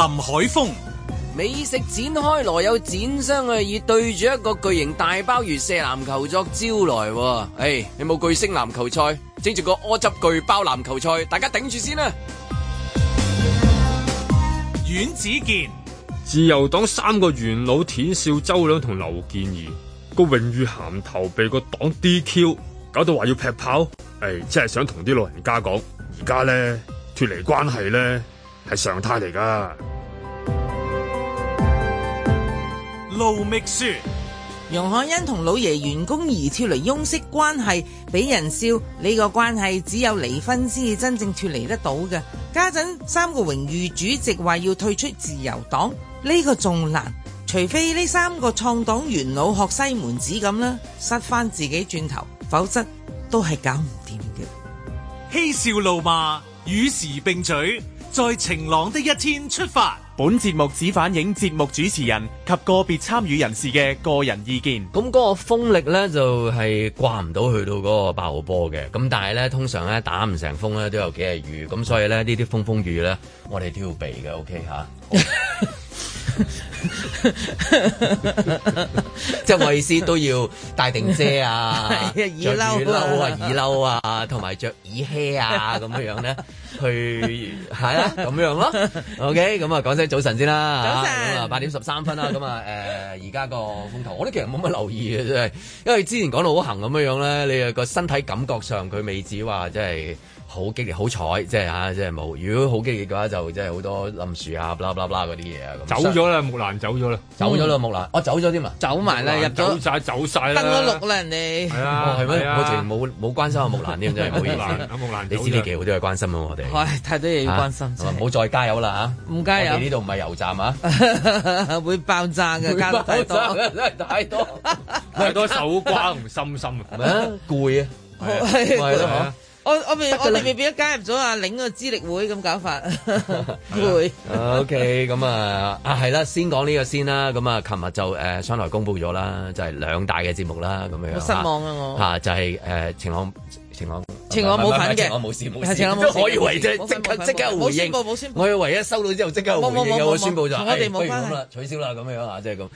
林海峰，美食展開來有展商啊，以對住一個巨型大鮑魚射籃球作招來，誒、哎、你冇巨星籃球賽？整住個柯汁巨包籃球賽，大家頂住先啦。阮子健，自由黨三個元老田少周梁同劉健儀個榮譽銜頭被個黨 DQ，搞到話要劈炮。誒，即係想同啲老人家講，而家咧脫離關係咧。係常態嚟噶，盧覓書楊海恩同老爺員工而脫離翁媳關係，俾人笑。呢個關係只有離婚先至真正脫離得到嘅。家陣三個榮譽主席話要退出自由黨，呢、這個仲難，除非呢三個創黨元老學西門子咁啦，塞翻自己轉頭，否則都係搞唔掂嘅。嬉笑怒罵，與時並嘴。在晴朗的一天出發。本節目只反映節目主持人及個別參與人士嘅個人意見。咁嗰個風力呢，就係掛唔到去到嗰個爆波嘅。咁但係呢，通常呢打唔成風呢都有幾日雨。咁所以呢，呢啲風風雨呢，我哋都要避嘅。OK 吓。 即係衛斯都要帶定遮啊，着雨褸啊，雨 褸褲啊，同埋着雨靴啊，咁樣樣咧，去係啦，咁、啊、樣咯。OK，咁啊，講聲早晨先啦。早晨，咁啊，八點十三分啦，咁啊，誒，而家個風頭，我都其實冇乜留意嘅，真係，因為之前講到好行咁樣樣咧，你個身體感覺上佢未止話，即係。好激烈，好彩，即係吓、啊，即係冇。如果好激烈嘅話，就即係好多冧樹啊，blah blah blah 嗰啲嘢啊。啊走咗啦，木蘭走咗啦、嗯，走咗啦，木蘭、哦啊哦啊。我走咗添啊，走埋啦，入走晒，走晒，登咗六啦，你。哋。係啊，係咩？我仲冇冇關心阿木蘭添， 真係冇意思。木蘭，木蘭你知你幾好都要關心啊我，我、哎、哋。係太多嘢要關心。唔、啊、好、就是、再加油啦吓、啊！唔加油，你呢度唔係油站啊？ 會爆炸嘅，加太多，真 係太多，手瓜同心心啊，攰 啊，係咯。我我未我未未必加入咗阿玲個資歷會咁搞法，會 OK 咁、嗯、啊啊係啦，先講呢個先啦，咁、嗯、啊，琴日就誒、呃、上嚟公布咗啦，就係、是、兩大嘅節目啦，咁樣，好失望啊，啊我吓、啊、就係誒晴朗。呃情情況冇份嘅，情況冇事冇我以為即即刻回應。我以為一收到之後即刻回應嘅，我宣佈就係取消啦，咁樣啊，即係咁。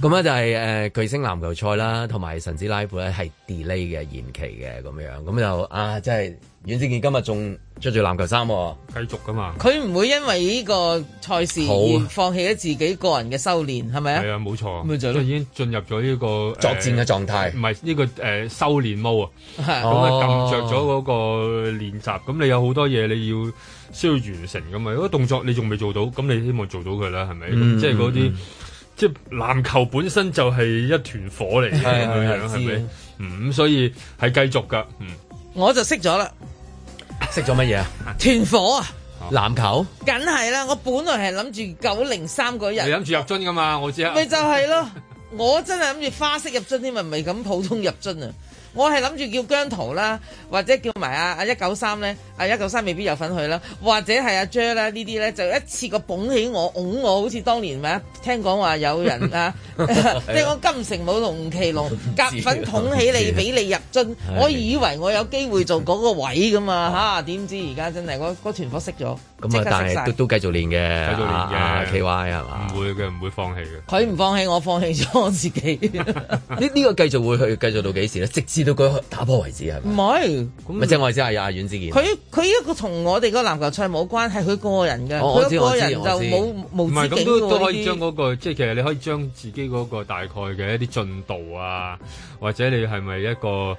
咁咧 就係誒巨星籃球賽啦，同埋神之拉布咧係 delay 嘅延期嘅咁樣，咁就啊，即係。阮子健今日仲着住籃球衫，啊，繼續噶嘛？佢唔會因為呢個賽事而放棄咗自己個人嘅修煉，係咪啊？係啊，冇錯。咁佢就已經進入咗呢，這個作戰嘅狀態，唔係呢個誒、呃、修煉 mode 咁撳着咗嗰個練習，咁、哦、你有好多嘢你要需要完成噶嘛？嗰啲動作你仲未做到，咁你希望做到佢啦，係咪？即係嗰啲，即係籃球本身就係一團火嚟嘅，係咪？咁所以係繼續噶，嗯。我就識咗啦，識咗乜嘢啊？團火啊，哦、籃球梗係啦，我本來係諗住九零三嗰日，你諗住入樽噶嘛？我知啊，咪就係、是、咯， 我真係諗住花式入樽添，咪唔係咁普通入樽啊。我係諗住叫姜濤啦，或者叫埋阿阿一九三咧，阿一九三未必有份去啦，或者係阿 J 呢啲咧，就一次過捧起我，擁我，好似當年咩啊？聽講話有人啊，即係我金城武同吳奇隆夾粉捅起你，俾你入樽。我以為我有機會做嗰個位噶嘛，嚇點知而家真係我嗰團火熄咗。咁啊，嗯、刻但係都都繼續練嘅，繼續練嘅。K Y 係嘛？唔、啊、會嘅，唔、啊、會，會放棄嘅。佢唔放棄，我放棄咗我自己。呢 呢 個繼續會去，繼續到幾時咧？直至。到佢打破為止係咪？唔係，咁即係我意思係阿阮志杰，佢佢一個同我哋個籃球賽冇關係，佢個人嘅。我知個個人我知。佢個人就冇冇。唔係，咁都都可以將嗰，那個，即係其實你可以將自己嗰個大概嘅一啲進度啊，或者你係咪一個誒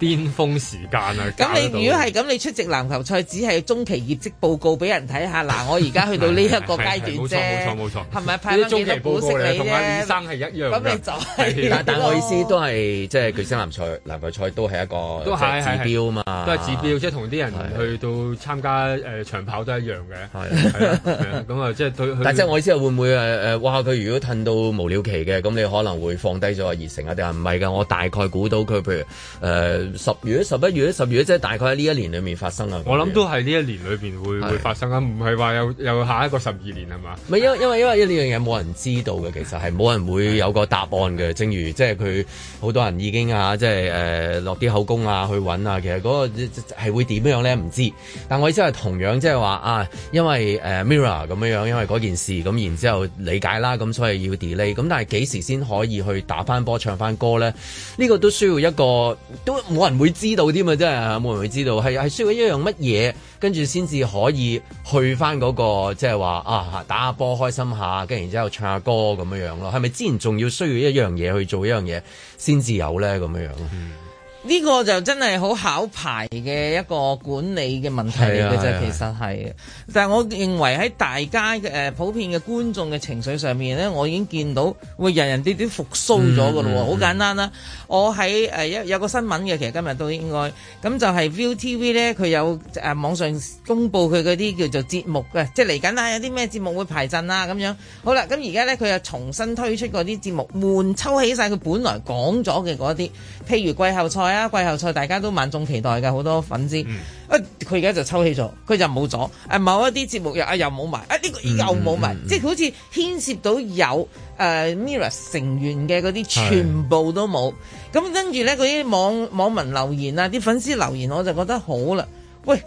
巔、呃、峰時間啊？咁你如果係咁，你出席籃球賽只係中期業績報告俾人睇下。嗱、 啊，我而家去到 是是呢一個階段冇錯冇錯冇錯，係咪派翻幾份報告你同阿生係一樣，咁你就係、是，但我意思都係即係巨星籃。賽、籃球賽都係一個都係指標嘛，是是是都係指標，是是即係同啲人去到參加誒、呃呃、長跑都一樣嘅。咁啊、 嗯嗯，即係但係即係我意思係會唔會誒誒、呃，哇！佢如果褪到無了期嘅，咁你可能會放低咗熱誠啊？定係唔係噶？我大概估到佢，譬如誒十月、呃、十一月、十月，即係大概喺呢一年裏面發生啊。我諗都係呢一年裏面會會發生啊，唔係話有有下一個十二年係嘛？係，因為因為因為呢樣嘢冇人知道嘅，其實係冇人會有個答案嘅。正如即係佢好多人已經啊，即即誒落啲口供啊，去揾啊，其實嗰個係會點樣咧？唔知。但我意思係同樣即係話啊，因為誒 mirror 咁樣樣，因為嗰件事咁，然之後理解啦，咁所以要 delay。咁但係幾時先可以去打翻波、唱翻歌咧？呢個都需要一個，都冇人會知道添啊！真係冇人會知道，係係需要一樣乜嘢，跟住先至可以去翻嗰個即係話啊打下波開心下，跟然之後唱下歌咁樣樣咯。係咪之前仲要需要一樣嘢去做一樣嘢先至有咧？咁樣樣？嗯。呢、這個就真係好考牌嘅一個管理嘅問題嚟嘅啫，其實係、啊。但係我認為喺大家嘅誒、呃、普遍嘅觀眾嘅情緒上面咧，我已經見到會人人哋啲復蘇咗喇，咯、嗯。好簡單啦、啊，我喺誒、呃、有個新聞嘅，其實今日都應該咁就係 ViuTV 咧，佢有誒網上公布佢嗰啲叫做節目嘅，即係嚟緊啊有啲咩節目會排陣啦、啊、咁樣好啦，咁而家咧佢又重新推出嗰啲節目，悶抽起晒佢本來講咗嘅嗰啲，譬如季後賽。係啊，季後賽大家都萬眾期待嘅，好多粉絲、嗯。啊，佢而家就抽起咗，佢就冇咗。誒、啊，某一啲節目又啊又冇埋，啊呢、啊這個又冇埋、嗯，即係好似牽涉到有誒、呃、Mirror 成員嘅嗰啲全部都冇。咁跟住咧，嗰啲網網民留言啊，啲粉絲留言，我就覺得好啦，喂。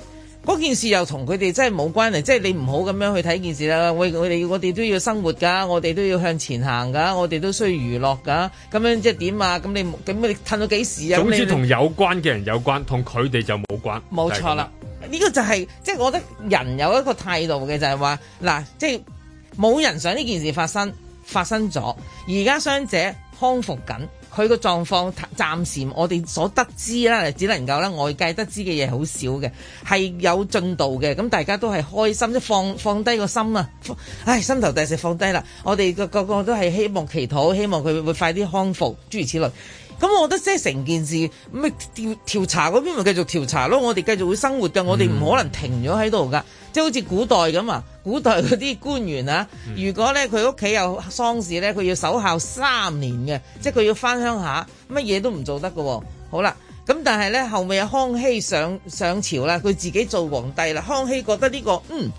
嗰件事又同佢哋真係冇關係，即係你唔好咁樣去睇件事啦。我我哋我哋都要生活噶，我哋都要向前行噶，我哋都需要娛樂噶。咁樣即係點啊？咁你咁你褪到幾時啊？總之同有關嘅人有關，同佢哋就冇關。冇錯啦，呢、就係咁樣，呢個就係即係我覺得人有一個態度嘅就係話嗱，即係冇人想呢件事發生，發生咗而家傷者康復緊。佢個狀況暫時我哋所得知啦，只能夠啦外界得知嘅嘢好少嘅，係有進度嘅。咁大家都係開心，即放放低個心啊！唉，心頭大石放低啦。我哋個個個都係希望祈禱，希望佢會快啲康復，諸如此類。咁我覺得即係成件事咁調調查嗰邊咪繼續調查咯，我哋繼續會生活噶，我哋唔可能停咗喺度噶。即係好似古代咁啊，古代嗰啲官員啊，嗯、如果咧佢屋企有喪事咧，佢要守孝三年嘅，嗯，即係佢要翻鄉下，乜嘢都唔做得噶，哦。好啦，咁但係咧後尾啊康熙上上朝啦，佢自己做皇帝啦。康熙覺得，這個嗯，呢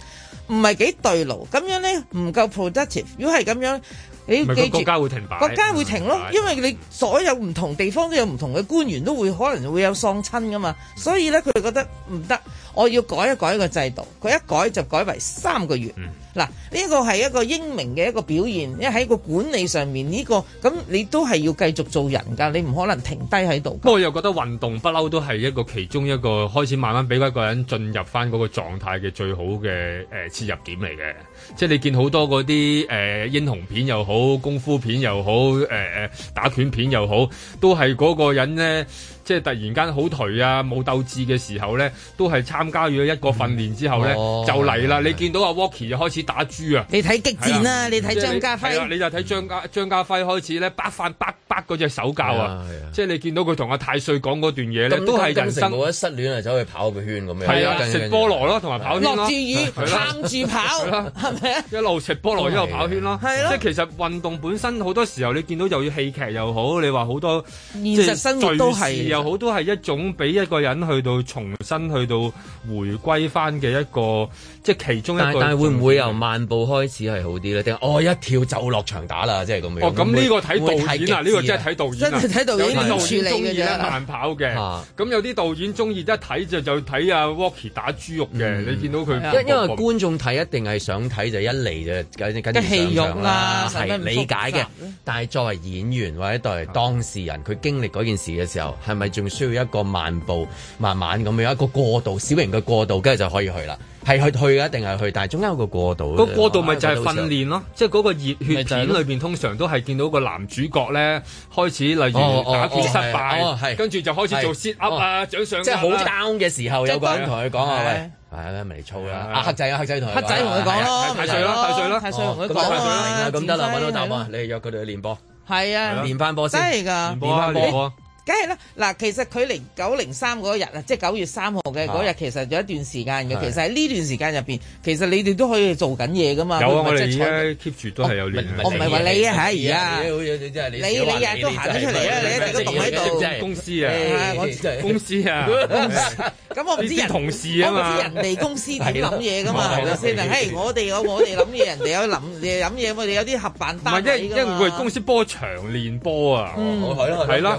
個嗯唔係幾對勞，咁樣咧唔夠 productive。如果係咁樣。你記住、就是、個國家會停擺？國家會停，國家會停咯，因為你所有唔同地方都有唔同嘅官員，都會可能會有喪親噶嘛，所以咧佢覺得唔得，我要改一改一個制度，佢一改就改為三個月。嗱、嗯，呢、這個係一個英明嘅一個表現，因為喺個管理上面呢、這個，咁你都係要繼續做人噶，你唔可能停低喺度。不過又覺得運動不嬲都係一個其中一個開始慢慢俾一個人進入翻嗰個狀態嘅最好嘅誒切入點嚟嘅。即係你見好多嗰啲誒英雄片又好，功夫片又好，誒、呃、打拳片又好，都係嗰個人咧。即係突然間好頹啊，冇鬥志嘅時候咧，都係參加咗一個訓練之後咧、嗯哦，就嚟啦！你見到阿 Walkie 就開始打豬啊！你睇激戰啦、啊，你睇張家輝。係啦，你就睇張家張家輝開始咧，百翻百百嗰隻手教啊！即係你見到佢同阿太歲講嗰段嘢呢，都係人生。冇一失戀啊，走去跑個圈咁樣。係啊，食菠蘿咯，同埋跑圈、嗯嗯嗯、落住雨，撐住跑，係咪一路食菠蘿一路跑圈咯？即係其實運動本身好多時候，你見到又要戲劇又好，你話好多現實生活都係。又好多係一種俾一個人去到重新去到回歸翻嘅一個即係其中一個。但係會唔會由慢步開始係好啲咧？定哦一跳就落場打啦，即係咁樣。哦，咁呢個睇導演啊，呢個真係睇導演，啊這個導演啊。真係睇導演嘅、啊、處理嘅嘢、啊。有啲好中意慢跑嘅，咁、啊啊、有啲導演中意一睇就就睇阿 Walkie 打豬肉嘅、嗯。你見到佢、嗯啊，因為觀眾睇一定係想睇，就一嚟就緊緊。一戲肉啦，啊、係理解嘅、啊。但係作為演員或者作為當事人，佢經歷嗰件事嘅時候係。係仲需要一個慢步，慢慢咁樣一個過渡，小型嘅過渡，跟住就可以去啦。係去去嘅，定係去？但係中間有個過渡。個過渡咪就係訓練咯，即係嗰個熱血片是是裏邊，通常都係見到個男主角咧開始，例如打拳失敗，哦哦哦、跟住就開始做,是是做 sit up，、啊啊啊、即係好 down 嘅時候，有個人同佢講：，喂，係咪嚟操啦！阿、啊啊啊、黑仔啊，黑仔同、啊啊、黑仔同佢講，太歲咯，太歲咯、哦啊，太歲同佢講。咁得啦，搵到答案，你約佢哋去練波。係啊，練翻波先，真係噶，練翻波。梗係啦，嗱，其實佢離九零三嗰日啊，即係九月三號嘅嗰日，其實有一段時間嘅、啊。其實喺呢段時間入邊，其實你哋都可以做緊嘢㗎嘛。有啊，都唔係我哋而家 keep 住都係有呢啲嘢。我唔係話你啊，而家、啊。你你日都行咗、就是、出嚟啊？你，你一直都獨喺度。公司啊，公司啊。咁我唔知同事啊嘛、嗯，我唔知人哋、嗯嗯、公司點諗嘢㗎嘛，係咪先啊？我哋我哋諗嘢，人哋有諗嘢諗嘢，我哋有啲合辦單。唔係，因因為公司波長練波啊，係係啦。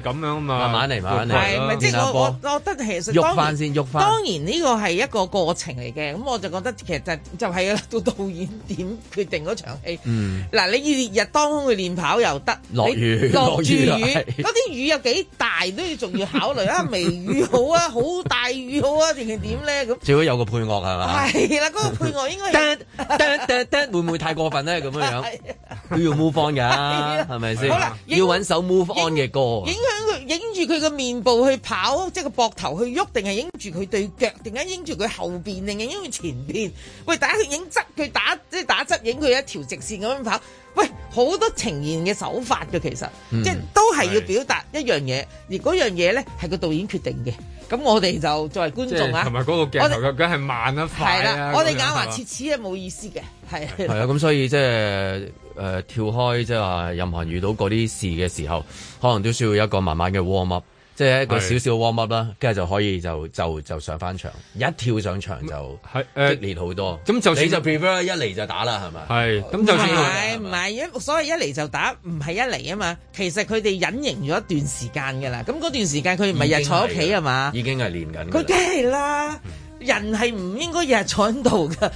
咁樣嘛，慢慢嚟，慢慢嚟咯。係咪，即係我我覺得其實當當然呢，呢當然個係一個過程嚟嘅，咁我就覺得其實就就係啊，個導演點決定嗰場戲？嗱、嗯，你要烈日當空去練跑又得，落雨落住雨，嗰啲雨有幾大都要仲要考慮啊， 微雨好啊，好大雨好啊，定係點咧？咁最好有個配樂係嘛？係 啦，嗰、那個配樂應該 ở, dans,。噔噔會唔會太過分咧？咁樣。 佢 要 move on 噶、啊，係咪先？要揾首 move on 嘅歌。影響佢影住佢個面部去跑，即係個膊頭去喐，定係影住佢對腳？定係影住佢後面，定係影住前邊？喂！大家影側佢打，即係打側影佢一條直線咁樣跑。喂！好多呈現嘅手法嘅，其實、嗯、即係都係要表達一樣嘢，而嗰樣嘢咧，係個導演決定嘅。咁我哋就作為觀眾啊，同埋個鏡頭我究竟係慢一快啦。我哋眼話切齒係冇意思嘅，係係啊。咁、那個啊、所以即係。誒、呃、跳開即係話，就是、任何人遇到嗰啲事嘅時候，可能都需要一個慢慢嘅 warm up，即係一個少少 warm up 啦，跟住就可以就就就上翻場。一跳上場就係激烈好多。咁就、呃、你就 prepare 一嚟就打啦，係咪？係。咁就算唔係唔係，一所以一嚟就打唔係一嚟啊嘛。其實佢哋隱形咗一段時間㗎啦。咁嗰段時間佢唔係日坐屋企係嘛？已經係練緊。佢梗係啦。 人係唔應該日日坐喺度噶，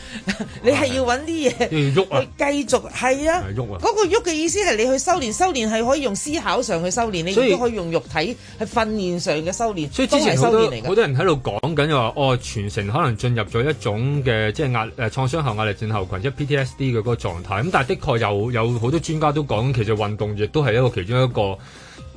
你係要搵啲嘢去繼續係啊，嗰、啊啊嗰個喐嘅意思係你去修練，修練係可以用思考上去修練，你亦都可以用肉體去訓練上嘅修練。所以之前好多好多人喺度講緊又話，哦，全城可能進入咗一種嘅即係壓誒創傷後壓力症候群，即係 PTSD 嘅嗰個狀態。咁但係的確有有好多專家都講，其實運動亦都係一個其中一個。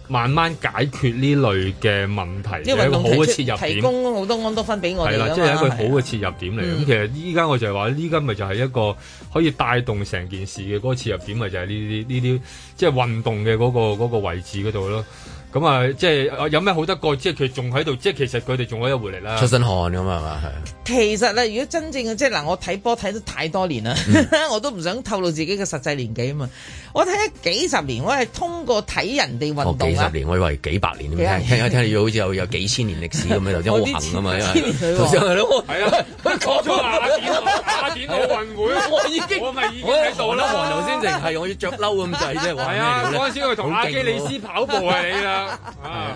慢慢解決呢類嘅問題，係一個好嘅切入點。提供好多安多分俾我係啦，即係、就係、一個好嘅切入點嚟。咁、嗯、其實依家我就係話，呢家咪就係一個可以帶動成件事嘅嗰、嗰個切入點，咪就係呢啲呢啲即係運動嘅嗰、嗰個嗰、嗰個、位置嗰度咯。咁啊，即係有咩好得過？即係佢仲喺度，即係其實佢哋仲有一回嚟啦。出身汗啊嘛，係。其實咧，如果真正嘅，即係嗱，我睇波睇得太多年啦，嗯、 我都唔想透露自己嘅實際年紀啊嘛。我睇咗幾十年，我係通過睇人哋運動、啊哦、幾十年，我以為幾百年，聽 聽聽，聽，聽好似有有幾千年歷史咁樣，頭先好痕啊嘛，年 佢？首先係咯，係 啊才說，講咗雅典雅典奧運會，我已經我咪已經喺度啦。黃牛先成係我要着褸咁滯啫。係啊，嗰陣時我同阿基里斯跑步啊，你啊！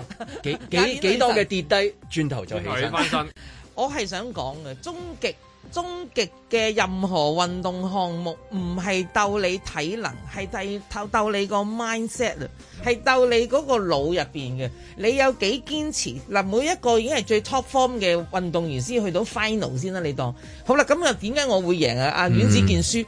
幾幾 幾，幾多嘅跌低，轉頭就起頭就翻身。 我係想講嘅，終極終極嘅任何運動項目，唔係鬥你體能，係第鬥鬥你，mindset, 鬥你個 mindset 啊，係鬥你嗰個腦入邊嘅。你有幾堅持嗱？每一個已經係最 top form 嘅運動員先去到 final 先啦，啊。你當好啦，咁又點解我會贏啊？阿阮子健輸。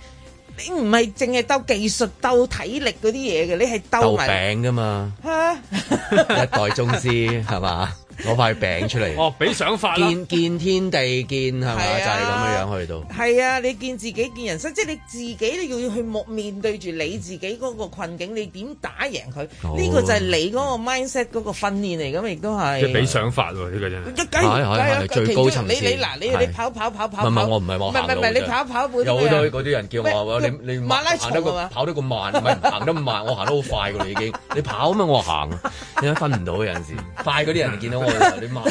你唔係淨係鬥技術、鬥體力嗰啲嘢嘅，你係鬥餅噶嘛？吓？ 一代宗師係嘛？ 攞 塊餅出嚟，哦，俾想法啦、啊！見天地見，見係咪？就係、是、咁樣去到。係啊，你見自己，見人生，即係你自己，你要要去面對住你自己嗰個困境，你點打贏佢？呢、哦這個就係你嗰個 mindset 嗰個訓練嚟，咁亦都係。即係俾想法喎、啊，呢、這個真係。你你嗱，你你跑跑跑跑唔係我唔係望唔係唔係，你跑跑半有好多嗰啲人叫我話你你行得個跑得咁慢，唔 係行得慢，我行得好快㗎啦已經。 你跑咩？我行啊，點解分唔到？有陣時快嗰啲人見到我。 你慢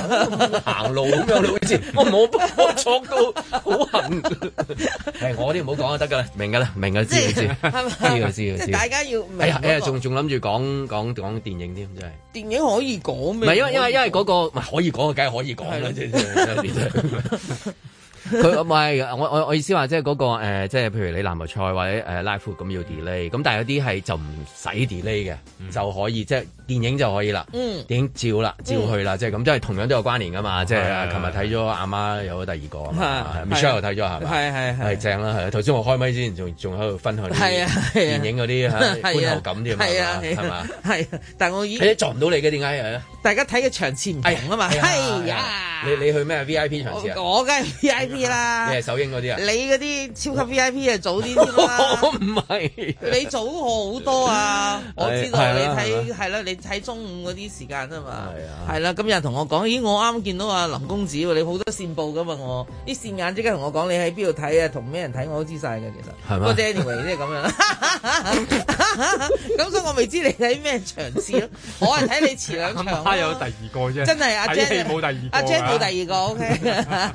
行路咁樣你會知，我冇我坐到好痕。誒、哎，我啲唔好講就得噶啦，明噶啦，明噶知、就是、明知是是知。就是、大家要。哎呀哎呀，仲仲諗住講講講電影添，真係。電影可以講咩？唔係因為因為因為嗰、那個唔係、啊、可以講，梗係可以講。佢唔係我我我意思話，即係嗰、那個誒，即、呃、係譬如你籃球賽或者誒、呃、拉闊咁要 delay，咁但係有啲係就唔使 delay 嘅，就可以即係。電影就可以啦，嗯、電影照啦，照去啦，即係咁，即係同樣都有關聯㗎嘛。嗯、即係琴日睇咗阿媽有第二個，Michelle 又睇咗係咪？係係係正啦、啊，係頭先我開咪之前，仲仲喺度分享啲電影嗰啲觀後感添、哎、啊，係嘛、啊？係，但係我依，你都撞唔到你嘅點解大家睇嘅場次唔同啊嘛，係啊！你你去咩 V I P 場次、啊？我梗係 V I P 啦。你係首映嗰啲啊？你嗰啲、啊、超級 V I P 係早啲我唔係，你早好多啊！我知道你睇係啦，你。睇中午嗰啲時間係啊嘛，係啦、啊。今日同我講，咦我啱見到阿、啊、林公子喎，你好多線報噶嘛我。啲線眼即刻同我講你喺邊度睇啊，同咩人睇我都知晒嘅其實。係嘛？我 anyway 即係咁樣，咁 所以我未知你睇咩場次咯。 我係睇你遲兩場。媽媽有第二個啫。真係阿 Jack 冇第二個啊。阿 Jack 冇第二個 OK。係、啊、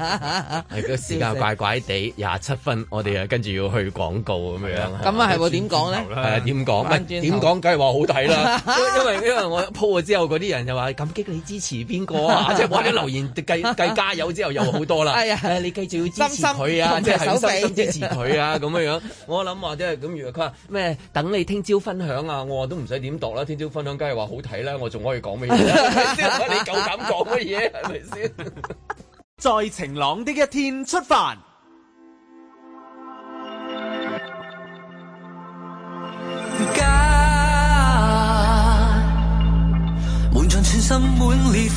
個、啊、時間怪怪地，廿七分，我哋又跟住要去廣告咁樣。咁啊係喎，點講咧？點講點講點講梗係話好睇啦， 因為因 為我 po 咗之後，嗰啲人又話感激你支持邊個啊，即係或者留言繼繼 加油之後又好多啦。係、 哎、啊，生生深深深啊，你繼續要支持佢啊，即係心心支持佢啊，咁樣樣。我諗話即係咁，如果佢話咩等你聽朝分享啊，我話都唔使點度啦。聽朝分享梗係話好睇啦，我仲可以講乜嘢？ 你夠膽講乜嘢？係咪先？ 在晴朗的一天出發。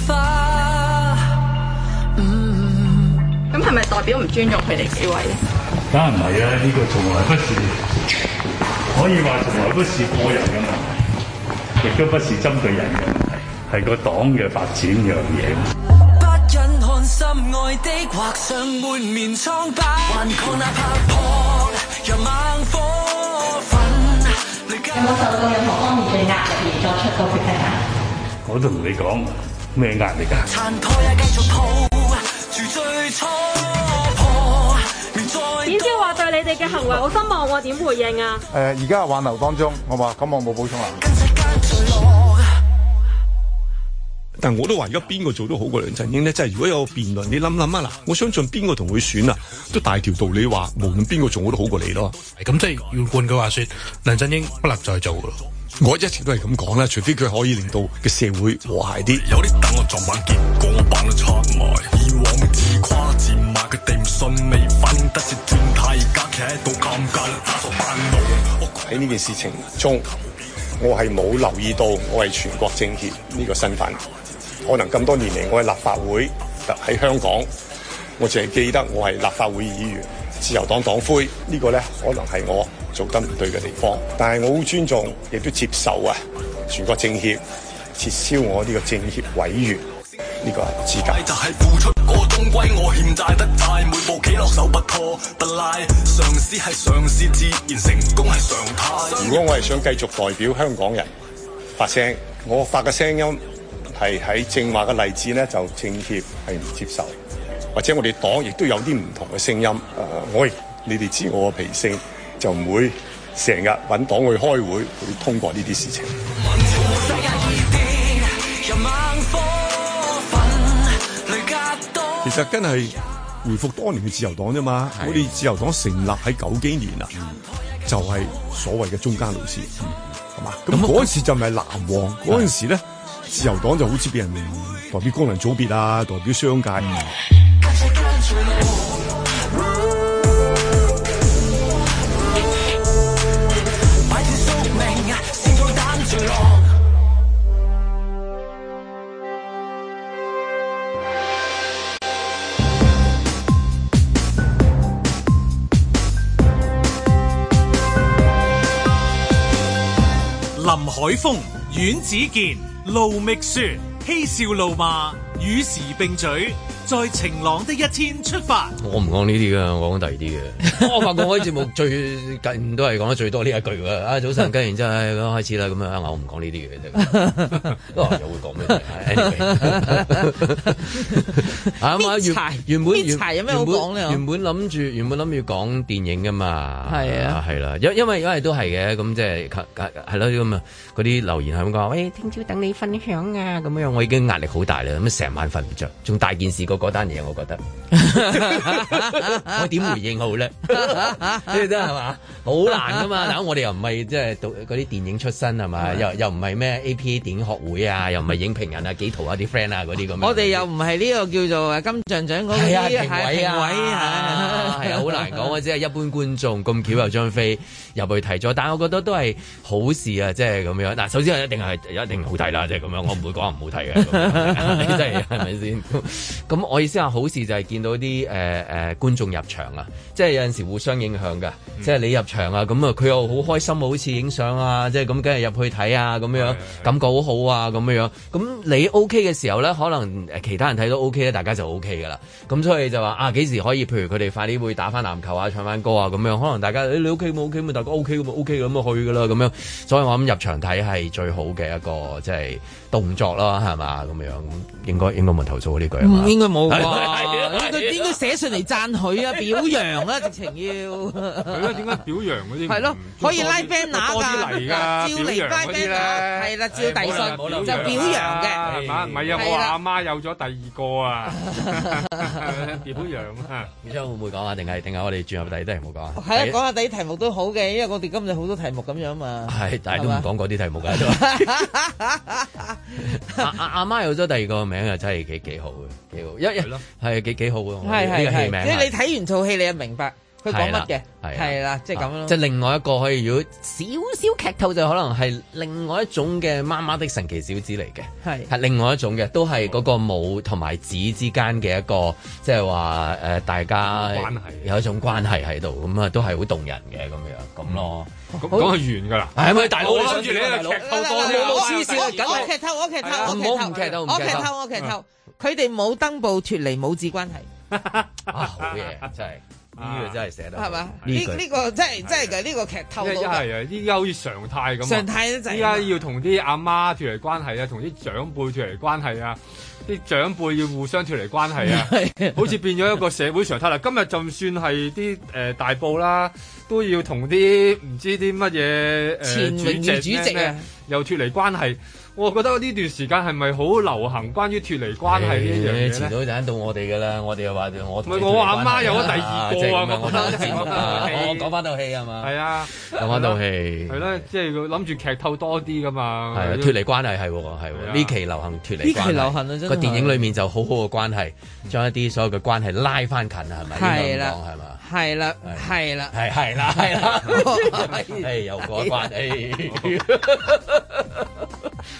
花，咁係咪代表唔尊重佢哋幾位咧？梗係唔係啊，呢、這個從來不是，可以話從來不是個人嘅問題，亦都不是針對人嘅問題，係個黨嘅發展樣嘢。不忍看心愛的畫上滿面蒼白，頑抗那怕破，讓猛火焚。有冇受到任何方面嘅壓力而作出咁嘅反應？ 我都同你講咩壓力啊！點知話對你哋嘅行為好失望我點回應呀？誒，而家係挽留當中，好嘛？咁我冇補充啦。但我都話，而家邊個做都好過梁振英咧。真係如果有辯論，你諗諗啊嗱，我相信邊個同佢選啊，都大條道理話，無論邊個做，我都好過你咯。咁、嗯、即係用換句話說，梁振英不能再做咯。我一直都係咁講啦，除非佢可以令到嘅社會和諧啲。有啲等我撞板，結果我得到。喺呢件事情中，我係冇留意到我係全國政協呢個身份。可能咁多年嚟，我係立法會，會喺香港，我淨係記得我係立法會議員，自由黨黨魁。呢個咧，可能係我做得唔對嘅地方。但係我好尊重，亦都接受啊！全國政協撤銷我呢個政協委員呢個係資格，但係付出過終歸，我欠債得債，每步棋落手不拖不拉，上司係上司，自然成功係常態，如果我係想繼續代表香港人發聲，我發嘅聲音。係喺正話嘅例子咧，就政協係唔接受，或者我哋黨亦都有啲唔同嘅聲音。誒、呃，你們我你哋知我嘅脾性，就唔會成日揾黨去開會去通過呢啲事情。其實真係回復多年嘅自由黨啫嘛。我哋自由黨成立喺九幾年啊、嗯，就係、是、所謂嘅中間路線，係、嗯、嘛？咁嗰時候就唔係藍黃嗰陣時咧。自由黨就好似畀人代表工人組別啊，代表商界啊。林海峰。阮子健，盧覓雪、嬉笑怒罵與時並舉。在晴朗的一天出發。我唔講呢啲㗎，我講第二啲嘅。 我發覺開節目最近都係講得最多呢一句嘅。啊，早晨，跟然之、就、後、是哎、開始啦，咁樣我唔講呢啲嘅啫。都話又會講咩？係、anyway，係 嘛、 啊？原原本原本原本諗住，原本諗 要講電影嘅嘛。係啊，係啦、啊啊啊。因因為因為都係嘅，咁即係係咯咁啊。嗰啲、啊啊、留言係咁講，喂，聽朝等你分享啊。咁樣我已經壓力好大啦，咁成晚瞓唔着。仲大件事個。嗰單嘢，我覺得我點回應好咧？即係真係嘛，好難噶嘛。嗱，我哋又唔係即係嗰啲電影出身係嘛， 又又唔係咩 A P A 電影學會啊，又唔係影評人啊，幾圖啊啲 friend 啊嗰啲咁。我哋又唔係呢個叫做金像獎嗰啲評委啊，係啊，好難講啊，只係、啊啊、一般觀眾咁巧有張飛入去睇咗，但我覺得都係好事啊，即係咁樣。嗱，首先一定係一定好睇啦，即係咁樣，我唔會講唔好睇嘅， 真係係咪先？咁。 我意思啊，好事就係見到啲誒誒觀眾入場啊，即係有陣時互相影響㗎、嗯。即係你入場啊，咁啊佢又好開心好似影相啊，即係咁跟住入去睇啊，咁樣感覺好好啊，咁樣咁你 OK 嘅時候咧，可能其他人睇都 OK 咧，大家就 OK 噶啦。咁所以就話啊，幾時可以？譬如佢哋快啲會打返籃球啊，唱返歌啊，咁樣可能大家你 OK 冇 OK 咪，大家 OK 冇 OK 咁去噶啦咁樣。所以我諗入場睇係最好嘅一個即係。就是動作啦，係嘛咁樣，應該應該冇投訴呢句啊嘛，應該冇啩，應該應該寫上嚟讚佢啊表揚啊，直情要。點解點解表揚嗰啲？係咯，可以拉 banner 噶，照嚟拉 banner。係啦，照第信就表揚嘅。嘛唔係啊，我阿媽有咗第二個啊，表揚啊。唔知會唔會講啊？定係定係我哋轉入第二啲題目講啊？係啊，講下第啲題目都好嘅，因為我哋今日好多題目咁樣嘛。係，但係都唔講嗰啲題目噶。阿阿媽有咗第二個名又真係幾幾好嘅，幾好，係咯，係幾幾好嘅，呢個戲名。你睇完套戲，你就明白。佢講乜嘅，係啦，即係咁囉。即係、即係啊即係、另外一個可以，如果少少劇透就可能係另外一種嘅媽媽的神奇小子嚟嘅。係係另外一種嘅，都係嗰個母同埋子之間嘅一個，即係話誒，大家關係有一種關係喺度，咁啊都係好動人嘅咁樣咁咯。咁講係完噶啦。係咪大佬？我諗住你嘅、啊、劇透多啲，我冇私事。我劇透，我劇透、啊、我劇透，我劇透，我劇透，我劇透。佢哋冇登報脱離母子關係。 啊，好嘢，真係。呢、啊呢個真係寫得，係嘛？呢呢個真係真係嘅，呢個劇透露。一係啊，依家好似常態咁。常態依家要同啲阿媽脱離關係啊，同啲長輩脱離關係啊，啲長輩要互相脱離關係啊， 好似變咗一個社會常態啦。 今日就算係啲誒大埔啦，都要同啲唔知啲乜嘢誒轉正主席啊，又脱離關係。 我覺得呢段時間係咪好流行關於脱離關係這呢樣，欸、遲早就係到我哋噶啦，我哋又話我我阿媽有咗第二個啊！我講翻套戲啊！我講翻套戲係嘛？係啊，講翻套戲係咯，即係諗住劇透多啲噶嘛？係脱離關係係喎，係喎，呢期流行脱離關係，呢期流行啊！個電影裏面就很好好嘅關係，將，嗯、一啲所有嘅關係拉翻近係咪？係啦係嘛？係啦係啦係係啦係啦，係又講關係。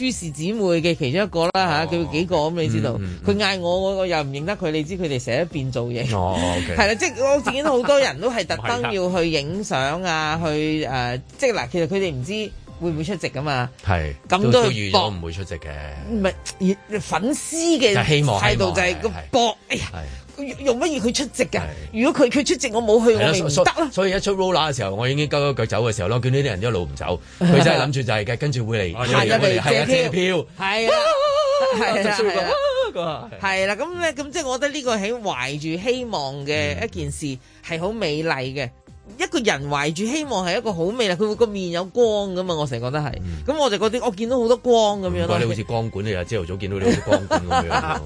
朱氏姊妹嘅其中一個啦嚇，佢、啊哦、幾個咁你知道？佢、嗯、嗌、嗯、我，我又唔認得佢，你知佢哋成日都變造型。哦 OK 係啦，即係我自己好多人都係特登要去影相啊，去誒、呃，即係嗱，其實佢哋唔知會唔會出席㗎嘛。係、嗯。咁、嗯、都預咗唔會出席嘅。唔係粉絲嘅態度希望希望就係、係、博。哎呀。用乜嘢佢出席㗎？如果佢佢出席，我冇去，我咪得咯，所以一出 roller 嘅時候，我已經急急腳走嘅時候咯，叫呢啲人一路唔走。佢真係諗住就係、是、跟跟住會嚟，係呀，係呀，一票係啊，係啦，啦，咁咁即係我覺得呢個係懷住希望嘅一件事，係好美麗嘅。一個人懷住希望係一個好味啦，佢會個面有光噶嘛，我成日覺得係。咁、嗯、我就覺得我見到好多光咁樣。怪你好似光管你啊，朝頭早見到你好似光管咁樣，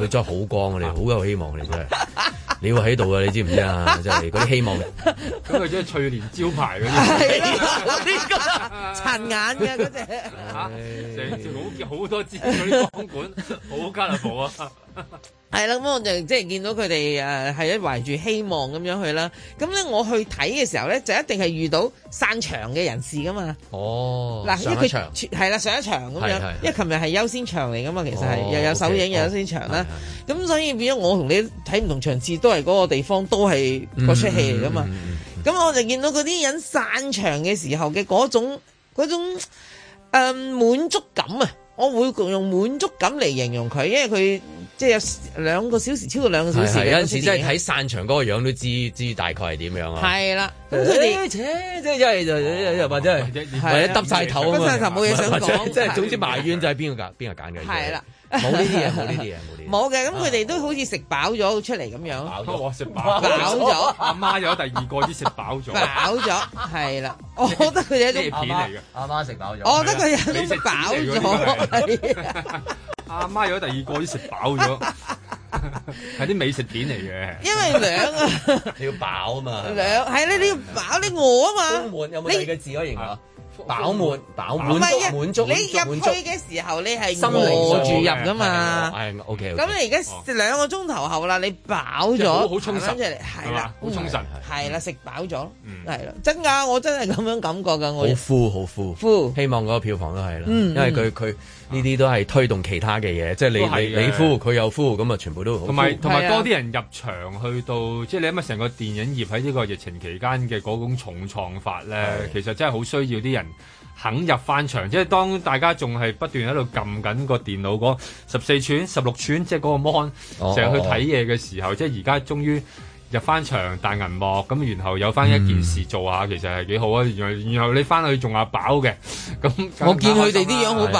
你 著好光啊，你好有希望你嚟嘅。你會喺度啊，你知唔知啊？ 真係嗰啲希望。咁佢仲係翠蓮招牌嗰啲，殘眼嘅嗰隻。嚇！ 成條好好多支嗰啲光管，好加力寶啊！ 係啦，咁我就即係見到佢哋誒係一懷住希望咁樣去啦。咁咧我去睇嘅時候咧，就一定係遇到散場嘅人士噶嘛。哦，嗱，因為佢係啦上一場咁樣，因為琴日係優先場嚟噶嘛，其實係、哦、又有首映、okay, 又有先場啦。咁、哦、所以變咗我同你睇唔同場次都係嗰個地方，都係嗰出戲嚟噶嘛。咁、嗯、我就見到嗰啲人散場嘅時候嘅嗰種嗰種、嗯、滿足感啊，我會用滿足感嚟形容佢，因為佢。即係有兩個小時，超過兩個小時，有陣時的的的、嗯、即係睇散場嗰個樣都知知，大概係點樣啊？係啦，咁佢哋切即係一係就或者係或者耷晒頭啊嘛，耷頭冇嘢想講，即、啊、係總之埋怨、啊、就係邊個揀邊個揀嘅。係啦，冇呢啲嘢，冇呢啲嘢，冇呢。冇嘅，咁佢哋都好似食飽咗出嚟咁樣。食飽飽咗，阿媽有第二個啲食飽咗，飽咗係啦。我覺得佢哋啲片嚟嘅，阿媽食飽咗。我覺得佢哋食飽咗。阿 媽有第二個都食飽咗，係 啲美食片嚟嘅。因為兩啊， 飽 啊，啊，你要飽啊嘛，兩係咧你要飽，你餓啊嘛。飽滿有冇第二個字可以形容？飽滿，飽滿，滿足，滿足。你入去嘅時候你我心我 okay, okay, 你時，你係餓住入噶嘛？係、嗯、OK。咁你而家兩個鐘頭後啦，你飽咗，好充實出嚟，係啦，好充實係。係啦，食飽咗，係咯，真噶，我真係咁樣感覺噶，我好富，好富，富。希望嗰個票房都係啦，因為佢佢。呢啲都係推動其他嘅嘢，即係你你你呼佢又呼，咁啊全部都好同埋同埋多啲人入場去到，即係你諗下成個電影業喺呢個疫情期間嘅嗰種重創法咧，其實真係好需要啲人肯入翻場。即係、就是、當大家仲係不斷喺度撳緊個電腦嗰十四寸、十六寸，即係嗰個 mon 成日去睇嘢嘅時候，即係而家終於。入翻場大銀幕咁，然後有翻一件事做下、嗯，其實係幾好啊！然後你翻去仲阿飽嘅，咁我見佢哋啲樣好飽。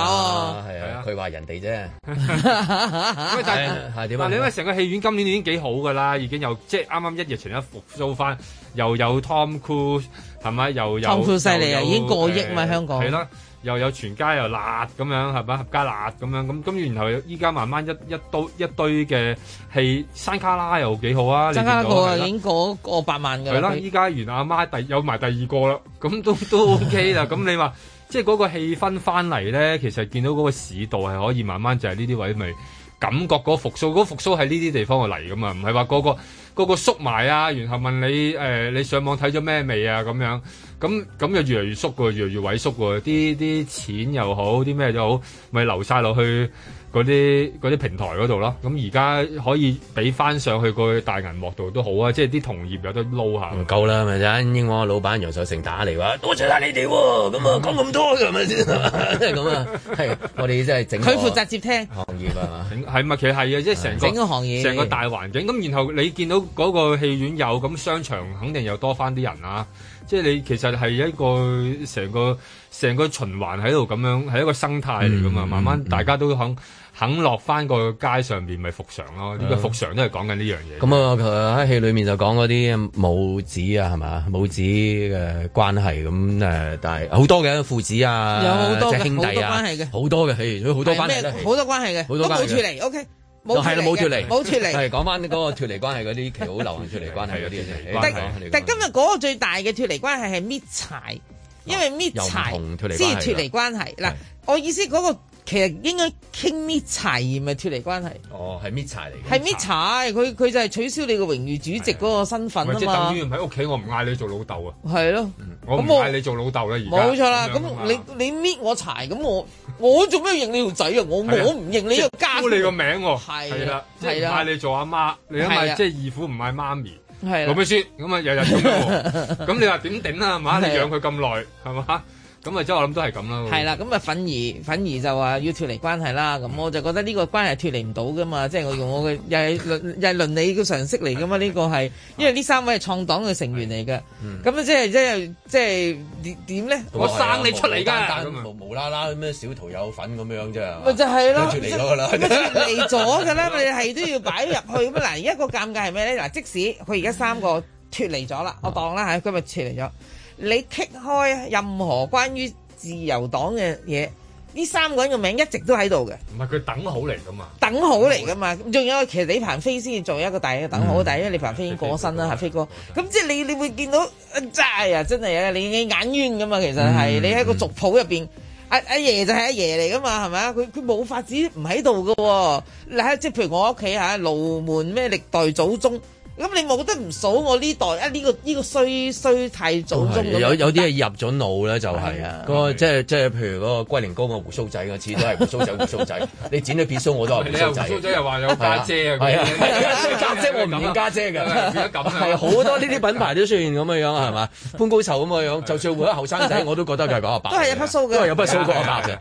係啊，佢話、啊啊啊、人哋啫 啊。但係點啊？你話成個戲院今年已經幾好噶啦，已經有即係啱啱一夜情一復甦翻，又有 Tom Cruise 係咪？又有 Tom Cruise 犀利啊！已經過億嘛，香港、嗯又有全家又辣咁樣，係咪合家辣咁樣咁，咁、嗯、然後依家慢慢一一一堆嘅係山卡拉又幾好啊！山卡拉已經過過百萬㗎。係啦，依家原阿媽第有埋第二個啦，咁都都 OK 啦。咁 你話即係嗰個氣氛翻嚟咧，其實見到嗰個市道係可以慢慢就係呢啲位，咪感覺個復甦，嗰復甦喺呢啲地方嚟㗎嘛。唔係話個個個縮埋啊，然後問你、呃、你上網睇咗咩未啊咁樣。咁咁又越嚟越縮喎，越嚟越萎縮喎。啲啲錢又好，啲咩又好，咪留晒落去嗰啲啲平台嗰度咯。咁而家可以俾翻上去個大銀幕度都好啊，即係啲同業有得撈下，唔、嗯、夠啦，咪真英皇老闆楊受成打嚟話，多謝晒你哋喎。咁啊，講咁多嘅係咪先？真係咁啊，係、嗯 啊、我哋真係整佢負責接聽行業啊，係咪？其實係啊，即係成整個行業成個大環境。咁然後你見到嗰個戲院有咁，商場肯定又多翻啲人啊。即係你其實係一個成個成個循環喺度咁樣，係一個生態嚟噶嘛。慢慢大家都肯、嗯、肯落返個街上邊，咪復常。咯。呢個復常都係講緊呢樣嘢。咁、嗯、啊，喺戲裏面就講嗰啲母子啊，係咪？母子嘅關係咁誒，但係好多嘅父子啊，有好多兄弟啊，好多嘅，譬如好多關係，好多，多，多關係嘅，都好處理。OK。冇係啦，冇脫離，冇脫離。係講翻嗰個脫離關係嗰啲，好流行脫離關係嗰啲嘅。但係今日嗰個最大嘅脫離關係係搣柴，啊，因為搣柴先脫離關係。嗱，我意思嗰、那個。其實應該傾搣柴咪脫離關係，哦係搣柴嚟嘅。係搣柴佢佢就係取消你個榮譽主席嗰個身份係係即係等於喺屋企，我唔嗌你做老豆啊。係咯，嗯嗯，我唔嗌你做老豆啦。而家冇錯啦，咁你、嗯、你搣我柴，咁我我做咩認你條仔啊？我我唔認你個家，呼你個名。哦，係啦，係啦，嗌你做阿媽，你一咪即係義父唔嗌媽咪，老樣算，咁啊日日咁樣，咁你話點頂啊？係嘛，你養佢咁耐，係嘛？咁啊，即係我諗都係咁啦。係啦，咁啊，反而反而就話要脫離關係啦。咁我就覺得呢個關係脫離唔到噶嘛，即係我用我嘅又係倫 又係倫理嘅常識嚟噶嘛。呢個係因為呢三位係創黨嘅成員嚟嘅。咁、응、啊、嗯，即係即係即係點咧？我生你出嚟噶。尷咁無，無單啦啦咩小徒有份咁樣啫。咪、嗯、就係咯，脫離咗噶啦，脫離咗噶啦，就是、 你係都要擺入去咁嗱，而一個尷尬係咩咧？嗱，即使佢而家三個脫離咗啦，我當啦吓，今日脫離咗。你揭開任何關於自由黨嘅嘢，呢三個人嘅名一直都喺度嘅。唔係佢等號嚟噶嘛，等號嚟噶嘛？仲有其實李鵬飛先做一個第一等號，但係因為李鵬飛已經過咗身啦，係飛哥。咁即係你你會見到，真係啊，真係啊，你眼冤噶嘛？其實係你喺個族譜入邊，阿阿爺就係阿爺嚟噶嘛，係咪啊？佢佢冇法子唔喺度嘅喎。嗱，即係譬如我屋企嚇，盧門咩歷代祖宗。咁你冇覺得唔少我呢代啊？呢、這個呢、這個衰衰太早。這個、做中、嗯、有有啲係入咗腦咧、就是，就係嗰個即係即係譬如嗰個龜苓膏個鬚仔啊，次都係鬚仔鬚 仔。你剪咗撇須我都係鬚仔，仔。仔又話有家姐啊？係啊，家姐，姐我唔見家姐㗎，咁啊！好多呢啲品牌都算咁嘅樣係嘛？潘 高愁咁嘅樣，就算換咗後生仔我都覺得係講阿爸。都係有撇須嘅，有阿嘅。